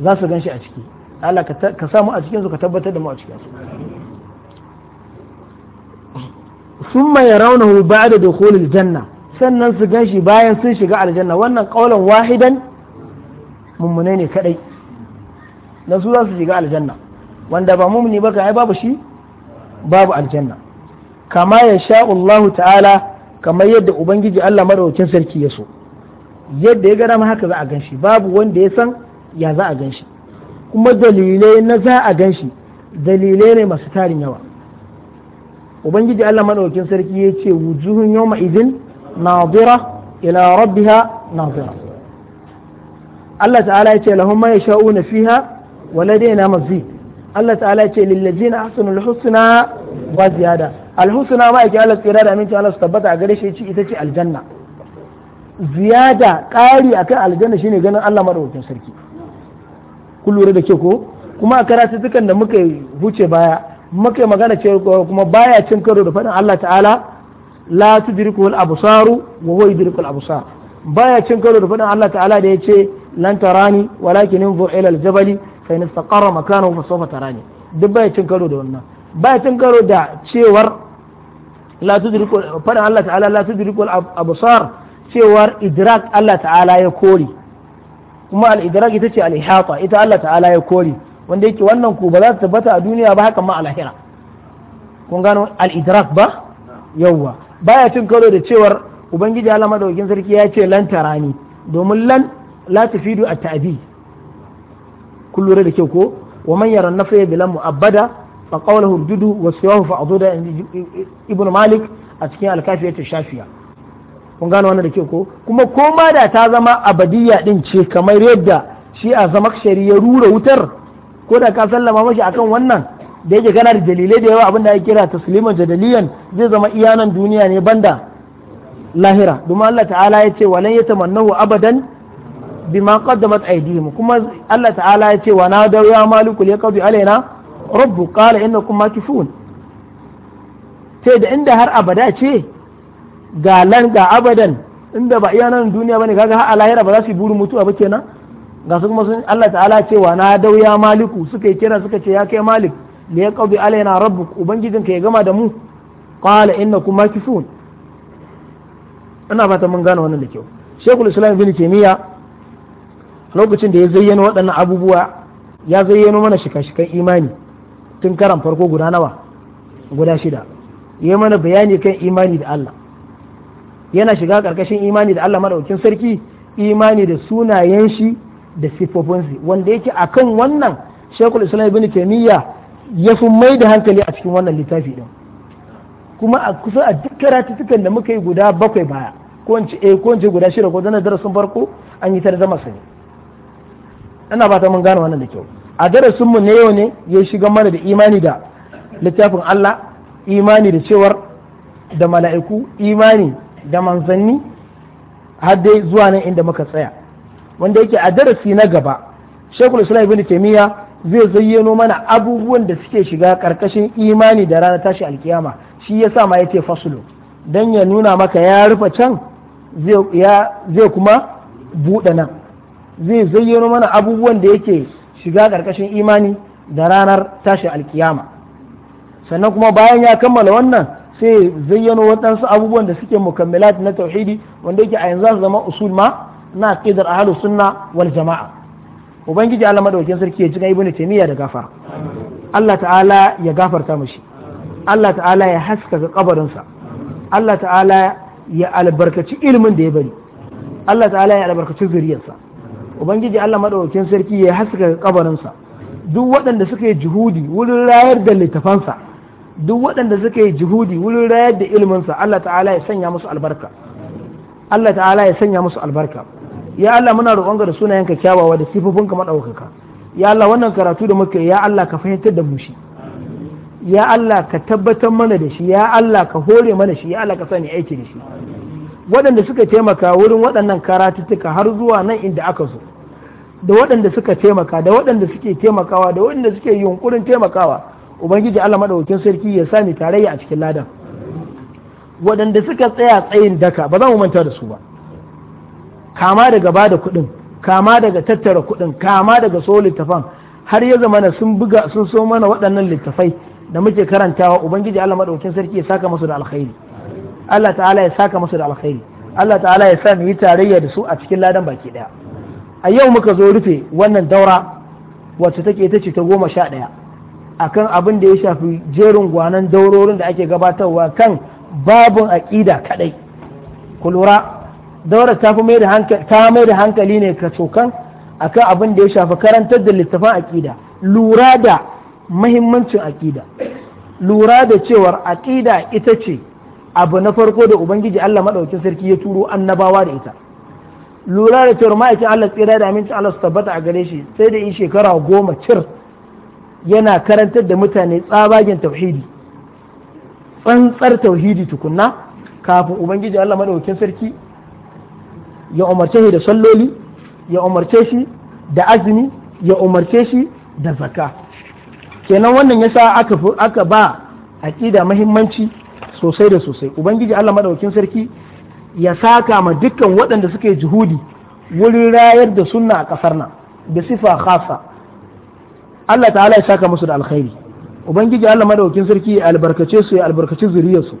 za su gan shi a ciki Allah ka samu a cikinsu ka tabbatar da mu a cikinsu summa ba ba'da dukhulil janna sannan su ganshi bayan sun shiga aljanna wannan kaulan wahidan mummunai ne kadai dan su za su shiga aljanna wanda ba mumuni ba ai babu shi babu aljanna kama ya sha Allah ta'ala kamar yadda ubangiji Allah madaukakin sarki ya so yadda ya ga dama haka za a ganshi babu wanda ya san ya za a ganshi kuma dalilai na za a gan shi dalilai ne masu tarin yawa ubangiji Allah maɗaukin sarki ya ce wujuhun ma'izin na zira ila rabbiha zira Allah ta'ala ya ce lahun ma na fiha wa na mazi Allah ta'ala ya ce lillazi na ahsanu al ba ziyada AlHusna ba ya ke Allah tsira da aminci Allah su tabbata a gare shi ita ce aljanna ziyada ƙari akan aljanna shine ganin Allah maɗaukin sarki ku lura da ke ko kuma a dukan da muka wuce baya muka yi magana ce kuma baya cin karo da faɗin Allah ta'ala la tudriku al absaru wa huwa yudriku al absar baya cin karo da faɗin Allah ta'ala da yace lan tarani walakin inzu ila al jabali fa in istaqarra makanahu fa sawfa tarani duk baya cin karo da wannan baya cin karo da cewar la tudriku faɗin Allah ta'ala la tudriku al absar cewar idrak Allah ta'ala ya kore kuma al ita ce al ita Allah ta'ala ya kori wanda yake wannan ku ba za ta tabbata a duniya ba haka ma al'ahira kun gano al ba yawwa baya cin karo da cewar ubangiji Allah madaukin sarki ya ce lan tarani domin lan la tafidu at a kun lura da kyau ko wa man yara nafiya bilan mu'abbada fa qawluhu dudu wasu siwahu fa aduda ibnu malik a cikin al-kafiyatu shafiya kun gane wannan da ke ko kuma koma da ta zama abadiyya din ce kamar yadda shi a zama ya rura wutar ko da ka sallama mashi akan wannan da yake gana da dalilai da yawa abin da ya kira tasliman jadaliyan zai zama iyanan duniya ne banda lahira domin Allah ta'ala ya ce walan wa abadan bima qaddamat aydihim kuma Allah ta'ala ya ce wa na da ya maliku ya alaina rabbu qala innakum makifun sai da inda har abada ce ga lan ga abadan inda ba iya nan duniya bane kaga har lahira ba za su yi burin mutuwa ba kenan ga su kuma sun Allah ta'ala cewa na dauya maliku suka yi kira suka ce ya kai malik li yaqbi alaina rabbuk ka ya gama da mu qala innakum makifun ina fata mun gane wannan da kyau shekul islam bin taimiyya lokacin da ya zayyano waɗannan abubuwa ya zayyano mana shika-shikan imani tun karan farko guda nawa guda shida ya mana bayani kan imani da Allah yana shiga karkashin imani da Allah maɗaukin sarki imani da sunayen shi da siffofinsu wanda yake kan wannan shekul islam ibn taimiyya ya fi mai da hankali a cikin wannan littafi din kuma a kusa a duk karatutukan da muka yi guda bakwai baya ko in ce eh, ko in ce guda shida ko zanen darasin farko an yi zama sani ana ba ta mun gane wannan da kyau a darasin mu ne yau ne ya shiga mana da imani da littafin Allah imani da cewar da mala'iku imani da manzanni har dai zuwa nan inda muka tsaya wanda yake a darasi na gaba shekul islam ibn taimiyya zai zayyano mana abubuwan da suke shiga karkashin imani da ranar tashi alkiyama shi yasa ma yace fasulu dan ya nuna maka ya rufe can zai kuma buɗe nan zai zayyano mana abubuwan da yake shiga karkashin imani da ranar tashi alkiyama sannan kuma bayan ya kammala wannan sai zayyano waɗansu abubuwan da suke mukammilat na tauhidi wanda yake a yanzu zama usul ma na qidar ahlu sunna wal jama'a ubangiji Allah madaukakin sarki ya jiga ibnu taymiya da gafara Allah ta'ala ya gafarta mishi Allah ta'ala ya haskaka kabarinsa Allah ta'ala ya albarkaci ilimin da ya bari Allah ta'ala ya albarkaci zuriyarsa ubangiji Allah madaukakin sarki ya haskaka kabarinsa duk waɗanda suka yi juhudi wurin rayar da littafansa duk waɗanda suka yi jihudi wurin rayar da ilminsa Allah ta'ala ya sanya musu albarka Allah ta'ala ya sanya musu albarka ya Allah muna roƙonka da sunayenka kyawawa da sifofinka maɗaukaka ya Allah wannan karatu da muka ya Allah ka fahimtar da mu shi ya Allah ka tabbatar mana da shi ya Allah ka hore mana shi ya Allah ka sani aiki da shi waɗanda suka taimaka wurin waɗannan karatuttuka har zuwa nan inda aka zo, da waɗanda suka taimaka da waɗanda suke taimakawa da waɗanda suke yunkurin taimakawa ubangiji Allah maɗaukin sarki ya sami tarayya a cikin ladan waɗanda suka tsaya tsayin daka ba za mu manta da su ba kama daga ba da kuɗin kama daga tattara kuɗin kama daga so littafan har ya zama na sun buga sun so mana waɗannan littafai da muke karantawa ubangiji Allah maɗaukin sarki ya saka musu da alkhairi Allah ta'ala ya saka musu da alkhairi Allah ta'ala ya sa mu yi tarayya da su a cikin ladan baki ɗaya. a yau muka zo rufe wannan daura wacce take ita ce ta goma sha ɗaya akan abin da ya shafi jerin gwanan daurorin da ake gabatarwa kan babun aƙida kaɗai kulura daura ta fi mai da hankali ta mai da hankali ne ka cokan akan abin da ya shafi karantar da littafin aƙida lura da mahimmancin aƙida lura da cewar aƙida ita ce abu na farko da ubangiji Allah maɗaukin sarki ya turo annabawa da ita lura da cewar ma'aikin Allah tsira da aminci Allah su tabbata a gare shi sai da yi shekara goma cir yana karantar da mutane tsabagen tauhidi tsantsar tauhidi tukunna kafin ubangiji Allah madaukakin sarki ya umarce shi da salloli ya umarce shi da azumi ya umarce shi da zaka kenan wannan yasa aka aka ba aqida muhimmanci sosai da sosai ubangiji Allah madaukakin sarki ya saka ma dukkan waɗanda suka yi juhudi wurin rayar da sunna a ƙasar nan da sifa khasa Allah ta'ala ya saka musu da alkhairi ubangiji Allah madaukin sarki ya albarkace su ya albarkaci zuriyarsu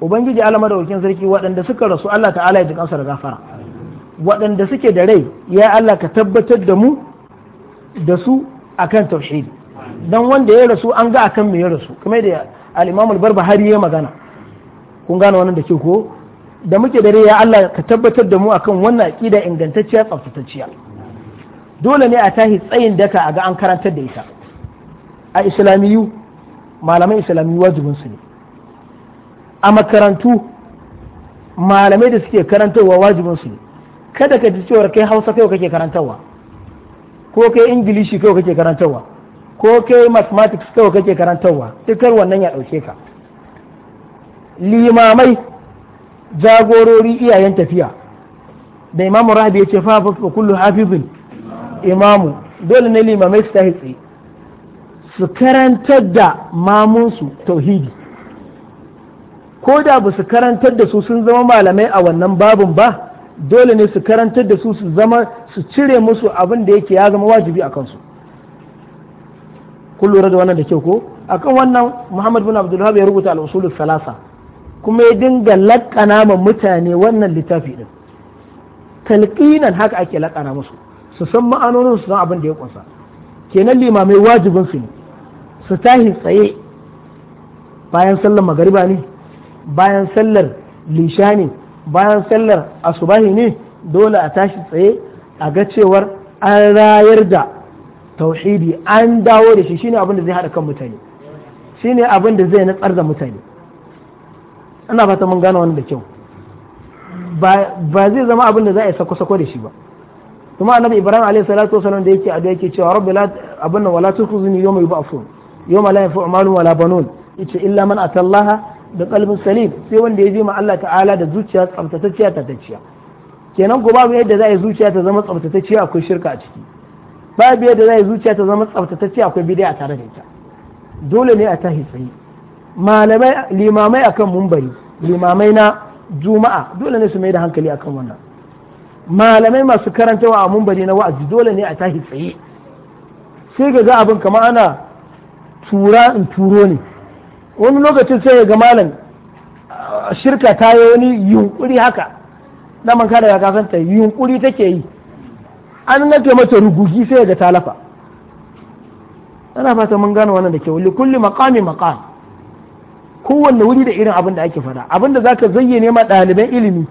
ubangiji Allah madaukin sarki waɗanda suka rasu Allah ta'ala ya jikansa da gafara waɗanda suke da rai ya Allah ka tabbatar da mu da su akan tauhid dan wanda ya rasu an ga akan me ya rasu kuma da al-Imam al-Barbahari ya magana kun gane wannan da ke ko da muke da rai ya Allah ka tabbatar da mu akan wannan aqida ingantacciya tsaftatacciya dole ne a tahi tsayin daka a ga an karantar da ita a islamiyu malaman islamiyu wajibin su ne a makarantu malamai da suke karantarwa wajibin su ne kada ka ji cewar kai hausa kai kake karantarwa ko kai ingilishi kai kake karantarwa ko kai mathematics kai kake karantarwa dukkan wannan ya ɗauke ka limamai jagorori iyayen tafiya da imamu rahabi ya ce fa kullu hafizin imamu dole ne limamai su ta tsaye su karantar da mamunsu tauhidi ko da ba su karantar da su sun zama malamai a wannan babin ba dole ne su karantar da su su zama su cire musu abin da yake ya zama wajibi a kansu kun lura da wannan da kyau ko akan wannan muhammad bin abdulhab ya rubuta al salasa kuma ya dinga laƙana ma mutane wannan littafi din talqinan haka ake laƙana musu su san ma'anonin su san abin da ya kunsa kenan limamai wajibin su ne su tashi tsaye bayan sallar magariba ne bayan sallar lisha ne bayan sallar asubahi ne dole a tashi tsaye a ga cewar an rayar da tauhidi an dawo da shi shine abin da zai haɗa kan mutane shine abin da zai natsar da mutane ana fata mun gane wani da kyau ba zai zama abin da za a yi sako-sako da shi ba kuma annabi ibrahim alaihi salatu wasallam da yake a yake cewa rabbi la abunna wala tukhuzni yawma yub'athun yawma la yanfa'u malun wala banun yace illa man atallaha da qalbin salim sai wanda ya je ma Allah ta'ala da zuciya ta tatacciya kenan ko babu yadda za a yi zuciya ta zama tsaftatacciya akwai shirka a ciki babu yadda za a yi zuciya ta zama tsaftatacciya akwai bid'a tare da ita dole ne a tahi tsaye malamai limamai akan mumbari limamai na juma'a dole ne su mai da hankali akan wannan malamai masu karantawa a mumbari na wa'azi dole ne a tashi tsaye sai ga za abin kama ana tura in turo ne wani lokacin sai ga malam shirka ta yi wani yunkuri haka na manka kada ya kasanta yunkuri take yi an nake mata rugugi sai ga talafa ana fata mun gano wannan da kyau wuli kulli maqami maqam kowanne wuri da irin abin da ake fada abin da zaka zayyane ma ɗaliban ilimi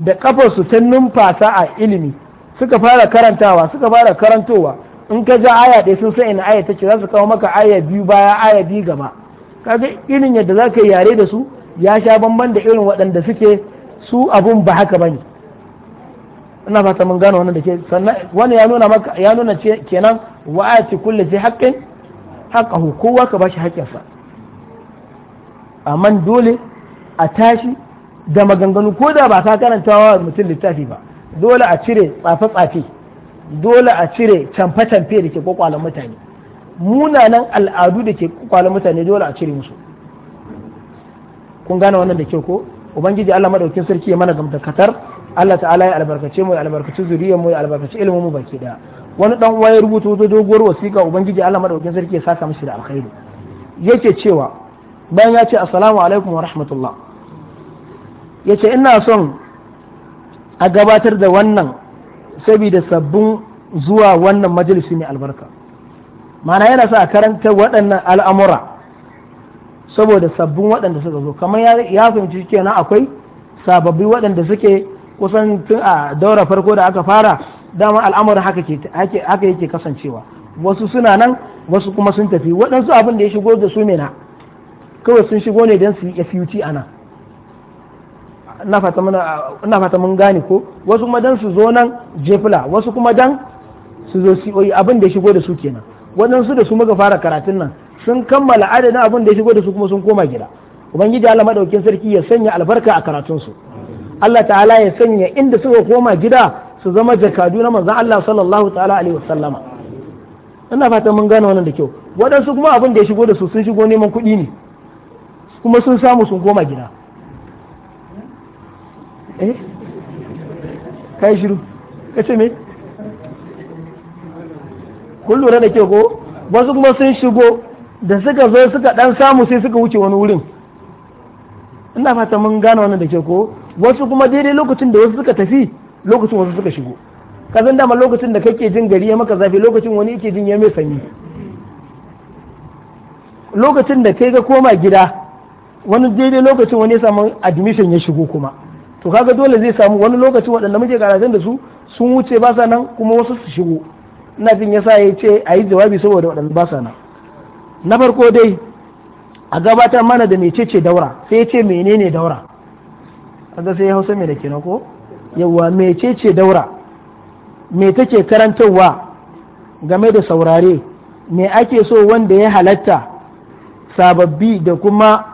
da kafarsu ta numfasa a ilimi suka fara karantawa suka fara karantowa in ka ja aya ɗaya sun san ina aya ce za su kawo maka aya biyu baya aya biyu gaba kaga irin yadda za ka yi yare da su ya sha bamban da irin waɗanda suke su abun ba haka ba ne. ina fata mun gano wannan da ke sannan wani ya nuna maka ya nuna kenan wa ce kulle ce haqqin haqqahu kowa ka bashi haƙƙinsa amma dole a tashi da maganganu ko da ba ka karantawa mutum littafi ba dole a cire tsafe-tsafe dole a cire canfa canfe da ke kwakwalon mutane munanan al'adu da ke kwakwalon mutane dole a cire musu kun gane wannan da kyau ko ubangiji Allah madaukin sarki ya mana katar Allah ta'ala ya albarkace mu ya albarkaci zuriyar mu ya albarkaci ilimin mu baki da wani dan uwa ya rubuta wata doguwar wasiƙa ubangiji Allah madaukin sarki ya saka mishi da alkhairi yake cewa bayan ya ce assalamu alaikum wa rahmatullah ya ce ina son a gabatar da wannan saboda sabbin zuwa wannan majalisi mai albarka mana yana sa a karanta waɗannan al'amura saboda sabbin waɗanda suka zo kamar ya fahimci kenan akwai sababbi waɗanda suke kusan tun a daura farko da aka fara dama al'amura haka yake kasancewa wasu suna nan wasu kuma sun tafi waɗansu abin da ya shigo da su ne na kawai sun shigo ne don su yi a nan ina fata mun gane ko wasu kuma dan su zo nan jefila wasu kuma dan su zo COE abin da shigo da su kenan waɗansu da su muka fara karatun nan sun kammala adadin abin da shigo da su kuma sun koma gida ubangiji Allah madaukin sarki ya sanya albarka a karatun su Allah ta'ala ya sanya inda suka koma gida su zama jakadu na manzon Allah sallallahu ta'ala alaihi wasallama ina fata mun gane wannan da kyau waɗansu kuma abin da ya shigo da su sun shigo neman kuɗi ne kuma sun samu sun koma gida eh kai shiru kace me kun lura da ke ko wasu kuma sun shigo da suka zo suka dan samu sai suka wuce wani wurin ina fata mun gane wannan da ke ko wasu kuma daidai lokacin da wasu suka tafi lokacin wasu suka shigo ka zan dama lokacin da kake jin gari ya maka zafi lokacin wani yake jin ya mai sanyi lokacin da kai ga koma gida wani daidai lokacin wani ya samu admission ya shigo kuma to kaga dole zai samu wani lokacin waɗanda muke karatun da su sun wuce ba sa nan kuma wasu su shigo ina jin yasa ya ce a yi jawabi saboda waɗanda ba sa nan na farko dai a gabatar mana da mecece daura sai ya ce menene daura kaga sai ya hausa mai da kenan ko yawa mecece daura me take karantarwa game da saurare me ake so wanda ya halatta sababbi da kuma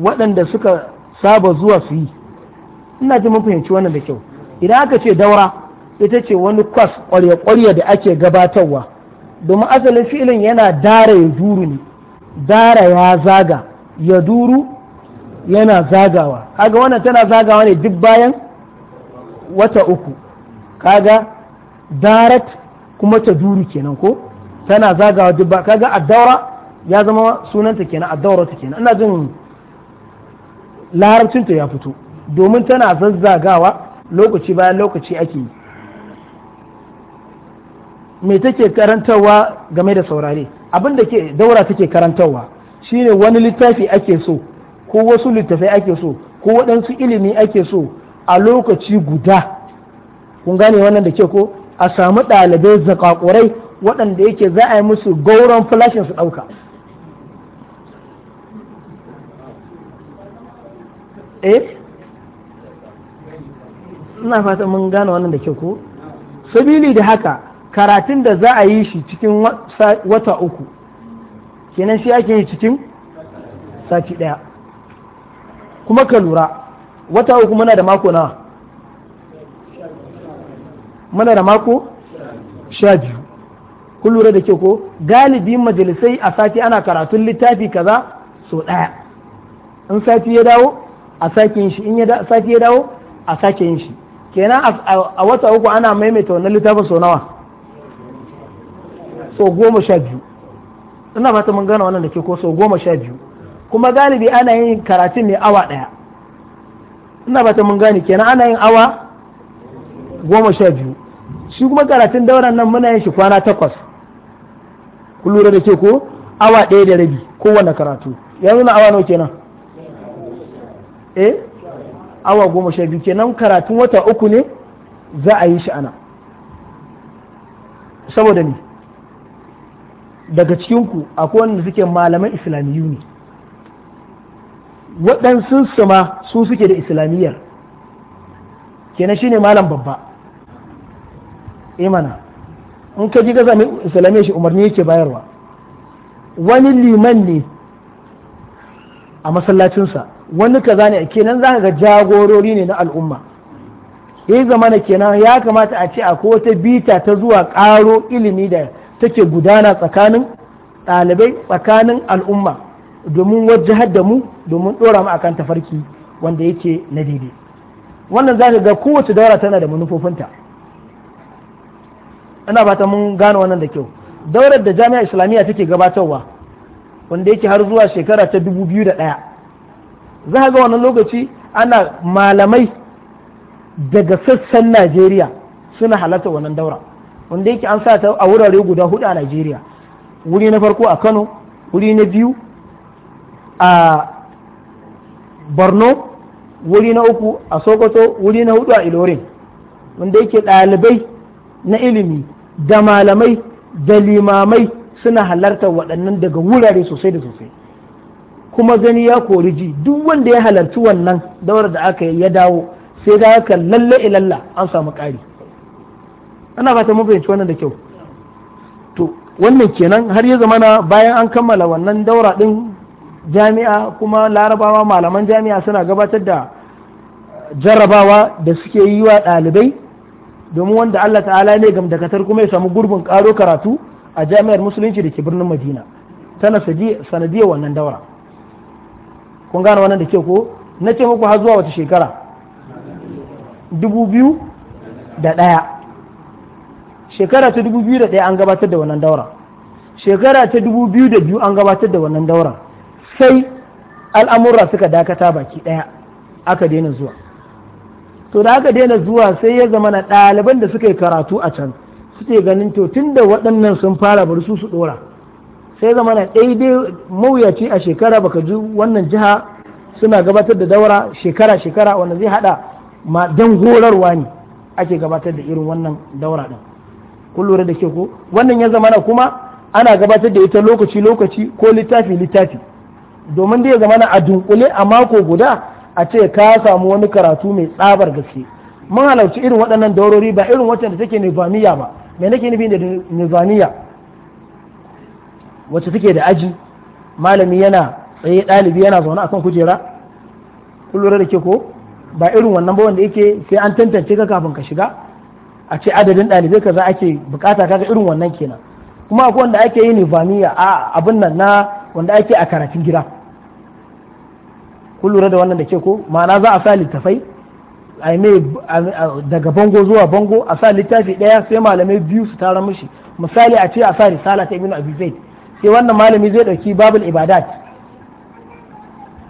waɗanda suka saba zuwa su yi ina ji mun fahimci wannan da kyau idan aka ce daura ita ce wani kwas ƙwarya-ƙwarya da ake gabatarwa domin asalin filin yana dara ya duru ne dara ya zaga ya duru yana zagawa kaga wannan tana zagawa ne duk bayan wata uku kaga darat kuma ta duru kenan ko tana zagawa duk bayan kaga addaura ya zama sunanta kenan addaura ta kenan ina jin larabcinta ya fito domin tana zazzagawa lokaci bayan lokaci ake yi me take karantarwa game da saurare abin da ke daura take karantarwa shine wani littafi ake so ko wasu littafai ake so ko waɗansu ilimi ake so a lokaci guda kun gane wannan da ke ko a samu ɗalibai zakakurai waɗanda yake za a yi musu gauron flashin su ɗauka eh ina fata mun gane wannan da ke ko sabili da haka karatun da za a yi shi cikin wata uku kenan shi ake yi cikin sati ɗaya kuma ka lura wata uku muna da mako na muna da mako sha biyu kun lura da ke ko galibi majalisai a sati ana karatun littafi kaza so ɗaya in sati ya dawo a sake yin shi in sati ya dawo a sake yin shi kenan a wata uku ana maimaita wannan littafin sau nawa sau goma sha biyu ina fata mun gane wannan da ke ko sau goma sha biyu kuma galibi ana yin karatun ne awa ɗaya ina fata mun gane kenan ana yin awa goma sha biyu shi kuma karatun dauran nan muna yin shi kwana takwas ku lura da ke ko awa ɗaya da rabi kowane karatu yanzu na awa nawa kenan eh awa goma sha biyu kenan karatun wata uku ne za a yi shi ana saboda ni daga cikinku akwai wanda suke malaman islamiyu ne waɗansu su ma su suke da islamiyyar kenan shine malam babba imana eh in ka ji gaza islamiyyar shi umarni yake bayarwa wani liman ne a masallacinsa wani kaza ne kenan za ga jagorori ne na al'umma ya zamana kenan ya kamata a ce akwai wata bita ta zuwa karo ilimi da take gudana tsakanin ɗalibai tsakanin al'umma domin wajahar da mu domin ɗora mu akan tafarki wanda yake na daidai wannan za ga kowace daura tana da manufofinta ina fata mun gane wannan da kyau daurar da jami'a islamiyya take gabatarwa wanda yake har zuwa shekara ta dubu biyu da ɗaya za ga wannan lokaci ana malamai daga sassan najeriya suna halatta wannan daura wanda yake an sa ta a wurare guda hudu a najeriya wuri na farko a kano wuri na biyu a borno wuri na uku a sokoto wuri na hudu a ilorin wanda yake ɗalibai na ilimi da malamai da limamai suna halarta waɗannan daga wurare sosai da sosai kuma gani ya kori ji duk wanda ya halarci wannan daura da aka yi ya dawo sai da haka lalle ilalla an samu ƙari ana fata mun fahimci wannan da kyau to wannan kenan har ya zamana bayan an kammala wannan daura din jami'a kuma larabawa malaman jami'a suna gabatar da jarrabawa da suke yi wa ɗalibai domin wanda Allah ta'ala ne gamdakatar kuma ya samu gurbin karo karatu a jami'ar musulunci da ke birnin madina tana sanadiyar wannan daura kun gane wannan da ke ko na ce muku har zuwa wata shekara dubu biyu da ɗaya shekara ta dubu biyu da ɗaya an gabatar da wannan daura shekara ta dubu biyu da biyu an gabatar da wannan daura sai al'amurra suka dakata baki ɗaya aka daina zuwa to da aka daina zuwa sai ya zama na ɗaliban da suka yi karatu a can suke ganin to tun da waɗannan sun fara bari su su ɗora sai zama na daidai mawuyaci a shekara baka ji wannan jiha suna gabatar da daura shekara shekara wanda zai hada ma dan gorarwa ne ake gabatar da irin wannan daura din kun da ke ko wannan ya zama na kuma ana gabatar da ita lokaci lokaci ko littafi littafi domin dai ya zama na a dunkule a mako guda a ce ka samu wani karatu mai tsabar gaske mun halarci irin waɗannan daurori ba irin wacce da take nizamiya ba me nake nufi da nizamiya wacce take da aji malami yana tsaye ɗalibi yana zaune akan kujera kullum da ke ko ba irin wannan ba wanda yake sai an tantance ka kafin ka shiga a ce adadin ɗalibai kaza ake bukata kaga irin wannan kenan kuma akwai wanda ake yi nifamiya a abin nan na wanda ake a karatun gida kullum da wannan da ke ko ma'ana za a sa littafai a mai daga bango zuwa bango a sa littafi ɗaya sai malamai biyu su tara mishi misali a ce a sa risala ta ibnu abi zaid sai wannan malami zai ɗauki babul ibadat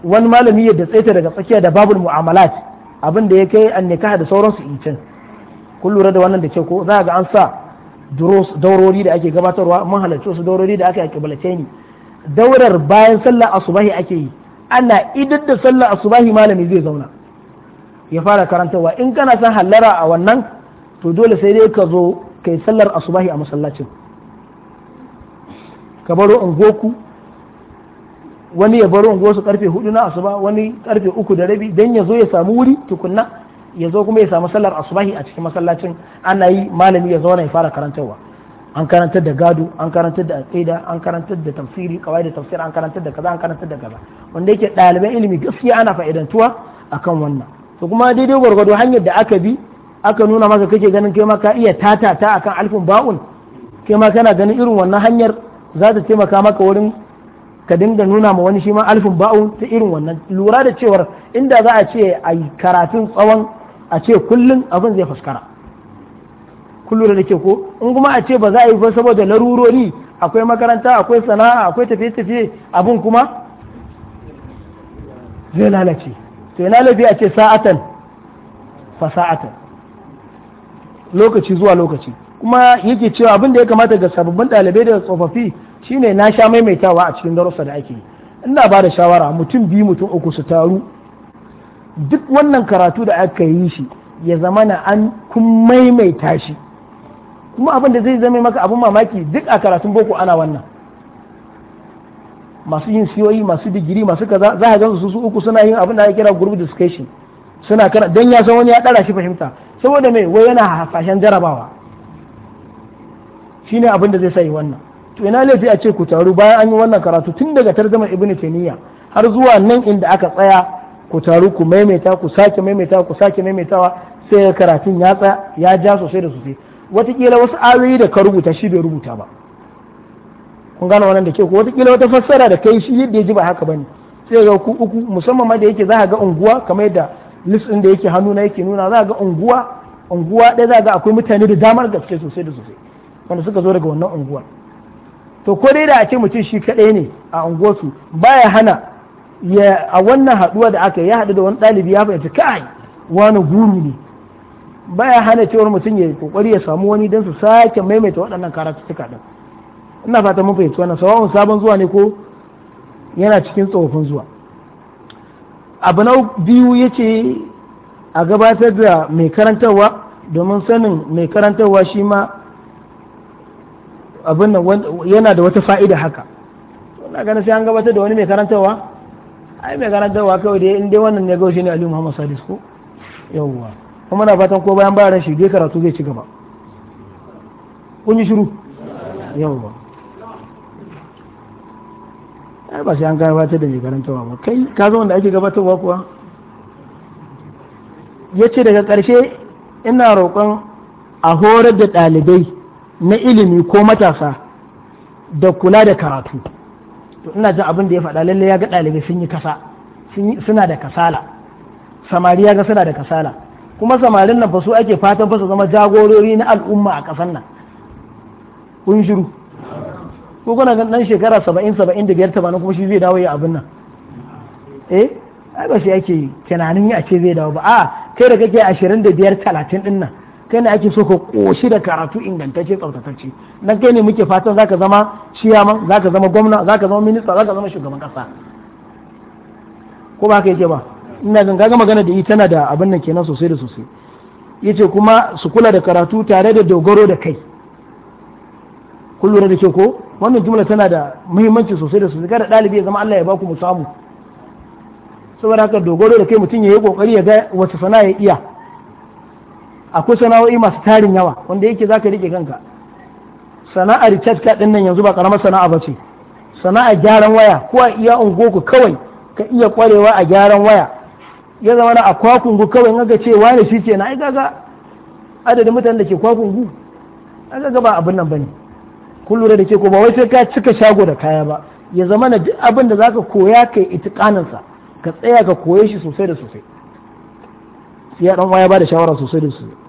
wani malami yadda tsaita daga tsakiya da babul mu'amalat abin da ya kai an ne da sauransu can kun lura da wannan da ke ko za ga an sa daurori da ake gabatarwa mun halarci su daurori da aka yi kibalace ni daurar bayan sallar asubahi ake yi ana idan da sallar asubahi malami zai zauna ya fara karantarwa in kana son hallara a wannan to dole sai dai ka zo kai sallar asubahi a masallacin ka baro unguwarku wani ya baro unguwarsu karfe hudu na asuba wani karfe uku da rabi dan ya zo ya samu wuri tukunna ya zo kuma ya samu sallar asubahi a cikin masallacin ana yi malami ya zauna ya fara karantarwa an karantar da gado an karantar da aqida an karantar da tafsiri kawai da tafsir an karantar da kaza an karantar da kaza wanda yake ɗaliban ilimi gaskiya ana fa'idantuwa akan wannan to kuma daidai gwargwado hanyar da aka bi aka nuna maka kake ganin kai ma ka iya tata ta akan alfin ba'un kai ma kana ganin irin wannan hanyar za ta taimaka maka wurin ka dinga nuna ma wani shi ma alfin ba'u ta irin wannan lura da cewar inda za a ce a yi karatun tsawon a ce kullum abin zai fuskara Kullum da ke ko in kuma a ce ba za a yi ba saboda larurori akwai makaranta akwai sana'a akwai tafiye-tafiye abin kuma zai lalace to yana lafi a ce sa'atan fa sa'atan lokaci zuwa lokaci kuma yake cewa abin da ya kamata ga sababbin ɗalibai da tsofaffi shine na sha maimaitawa a cikin darussa da ake ina ba da shawara mutum biyu mutum uku su taru duk wannan karatu da aka yi shi ya zama na an kun maimaita shi kuma abin da zai zama maka abin mamaki duk a karatun boko ana wannan masu yin siyoyi e, masu digiri masu kaza za a gansu su uku suna yin abin da ake kira group discussion suna kana dan ya san wani ya dara shi fahimta saboda mai wai yana hasashen jarabawa ne abin da zai sa yi wannan to ina laifi a ce ku taru bayan an yi wannan karatu tun daga tarzaman ibnu taymiya har zuwa nan inda aka tsaya ku taru ku maimaita ku sake maimaita ku sake maimaitawa sai karatun ya tsaya ya ja sosai da sosai watakila wasu ayoyi da ka rubuta shi bai rubuta ba kun gane wannan da ke ku watakila wata fassara da kai shi yadda ya ji ba haka bane sai ga ku uku musamman ma da yake za ga unguwa kamar yadda list din da yake hannu na yake nuna za ga unguwa unguwa ɗaya za ga akwai mutane da damar gaske sosai da sosai wanda suka zo daga wannan unguwar to ko dai da a ce mutum shi kaɗai ne a unguwarsu baya hana a wannan haɗuwa da aka ya haɗu da wani ɗalibi ya fahimci kai wani guru ne baya hana cewar mutum ya kokari ya samu wani don su sake maimaita waɗannan karatuttuka ɗin ina fata mun fahimci wannan sawa'un sabon zuwa ne ko yana cikin tsofaffin zuwa abu na biyu ya ce a gabatar da mai karantarwa domin sanin mai karantarwa shi ma abin yana da wata fa'ida haka na ganin sai an gabatar da wani mai karantarwa ai mai karantarwa kawai dai in dai wannan ne gaushe ne Ali Muhammad Sadis ko yawwa kuma na fatan ko bayan bayan shi dai karatu zai ci gaba kun yi shiru yawwa ai ba sai an gabatar da mai karantarwa ba kai ka zo wanda ake gabatarwa kuwa yace daga ƙarshe ina roƙon a horar da ɗalibai na ilimi ko matasa da kula da karatu to ina jin abin da ya faɗa lalle ya ga ɗalibai sun yi kasa suna da kasala samari ya ga suna da kasala kuma samarin nan fa su ake fatan fa su zama jagorori na al'umma a ƙasar nan kun shiru ko kuna ga nan shekara saba'in saba'in da biyar tamanin kuma shi zai dawo ya abin nan eh ai ba shi ake tunanin ya ce zai dawo ba a kai da kake ashirin da biyar talatin ɗin nan kai ne ake so ka koshi da karatu ingantacce tsaftatacce nan kai ne muke fatan zaka zama ciyaman zaka zama gwamna zaka zama minista zaka zama shugaban kasa ko ba ka yake ba ina ganga kaga magana da yi tana da abin nan kenan sosai da sosai yace kuma su kula da karatu tare da dogaro da kai kun lura da ke ko wannan jumla tana da muhimmanci sosai da sosai kada dalibi ya zama Allah ya baku mu samu saboda haka dogaro da kai mutum ya yi kokari ya ga wata sana'a ya iya akwai sana'o'i masu tarin yawa wanda yake zaka ka rike kanka sana'ar catka ɗin nan yanzu ba karamar sana'a ba ce sana'ar gyaran waya ko a iya ungoku kawai ka iya kwarewa a gyaran waya ya zama na a kwakungu kawai naga ce wani shi ke na ai gaga adadin mutanen da ke kwakungu ai gaga ba abin nan bane kun lura da ke ko ba wai sai ka cika shago da kaya ba ya zama na duk abin da zaka koya kai itiqanin sa ka tsaya ka koye shi sosai da sosai sai ya dan waya ba da shawara sosai da sosai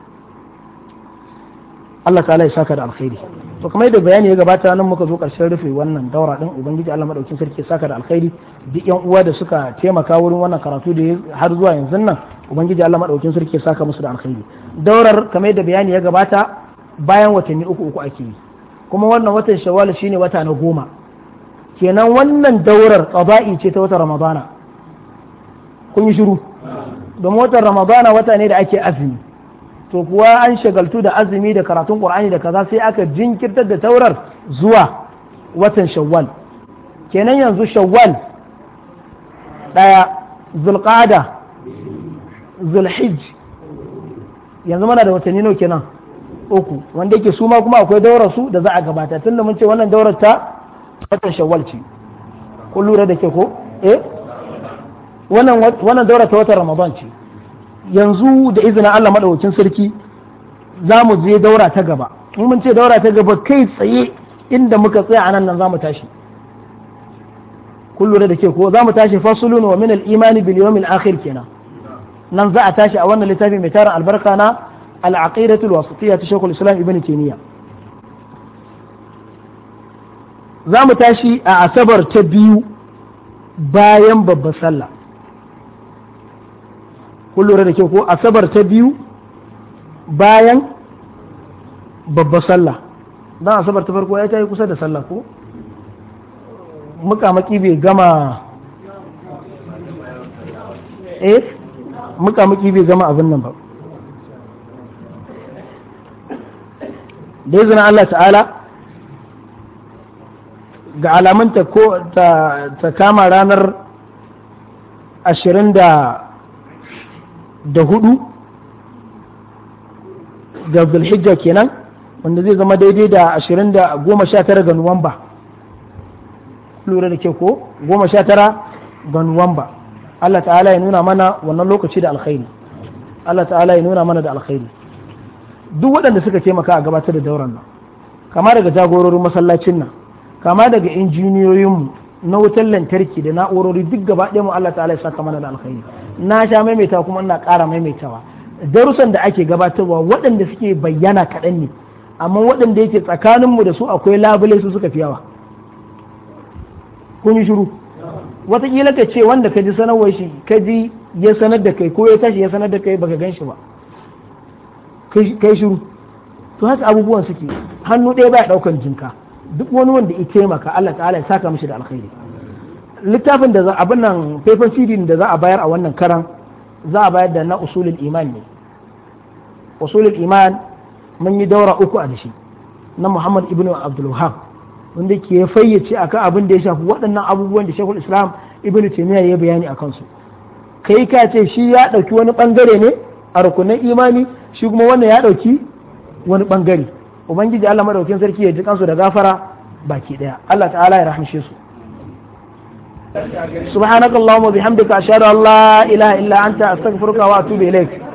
Allah ta'ala ya saka da alkhairi to kamar yadda bayani ya gabata nan muka zo karshen rufe wannan daura din ubangiji Allah madaukakin sarki ya saka da alkhairi duk yan uwa da suka taimaka wurin wannan karatu da har zuwa yanzu nan ubangiji Allah madaukakin sarki ya saka musu da alkhairi daurar kamar yadda bayani ya gabata bayan watanni uku uku ake yi kuma wannan watan shawwal shine wata na goma kenan wannan daurar qada'i ce ta wata ramadana kun yi shiru domin watan ramadana wata ne da ake azumi to kuwa an shagaltu da azumi da karatun qur'ani da kaza sai aka jinkirtar da taurar zuwa watan shawwal kenan yanzu shawwal daya zulqada zulhijj yanzu mana da watanni nawa kenan uku wanda yake su ma kuma akwai daura su da za a gabata tunda mun ce wannan daurar ta watan shawwal ce kun lura da ke ko eh wannan daura ta watan ramadan ce yanzu da izinin Allah madaukakin sarki za mu je daura ta gaba in mun ce daura ta gaba kai tsaye inda muka tsaya anan nan za mu tashi kun da ke ko za mu tashi fasulun wa min al-imani bil yawmil akhir kenan nan za a tashi a wannan littafi mai tarin albarka na al-aqidatu al-wasitiyya ta Sheikhul Islam Ibn Taymiyyah za mu tashi a asabar ta biyu bayan babbar sallah kun lura da kyau ko asabar ta biyu bayan babbar sallah dan asabar ta farko ya ta yi kusa da sallah ko mukamaki bai gama eh mukamaki bai gama abin nan ba da izinin Allah ta'ala ga alamun ta kama ranar ashirin da da hudu ga zulhijja kenan wanda zai zama daidai da ashirin da goma sha tara ga nuwamba lura da ke ko goma sha tara ga nuwamba Allah ta'ala ya nuna mana wannan lokaci da alkhairi Allah ta'ala ya nuna mana da alkhairi duk waɗanda suka taimaka a gabatar da dauran nan kama daga jagororin masallacin nan kama daga injiniyoyinmu na wutar lantarki da na'urori duk gaba ɗaya mu Allah ta'ala ya saka mana da alkhairi na sha maimaita kuma ina ƙara maimaitawa darussan da ake gabatarwa waɗanda suke bayyana kaɗan ne amma waɗanda yake tsakanin mu da su akwai labule su suka fi yawa kun yi shiru wataƙila ka ce wanda ka ji sanarwar shi ka ji ya sanar da kai ko ya tashi ya sanar da kai baka gan shi ba kai shiru to haka abubuwan suke hannu ɗaya baya ɗaukan jinka duk wani wanda ya taimaka Allah ta'ala ya saka mishi da alkhairi littafin da za abin nan paper cd da za a bayar a wannan karan za a bayar da na usulul iman ne usulul iman mun yi daura uku a dashi na muhammad ibn abdul wahab wanda ke fayyace akan abin da ya shafi waɗannan abubuwan da shekul islam ibn taymiyyah ya bayani a kansu kai ka ce shi ya ɗauki wani bangare ne a rukunin imani shi kuma wannan ya ɗauki wani bangare ubangiji Allah madaukin sarki ya ji kansu da gafara baki daya Allah ta'ala ya rahmishe su subhanakallahumma bihamdika ashhadu an la ilaha illa anta astaghfiruka wa atubu ilaik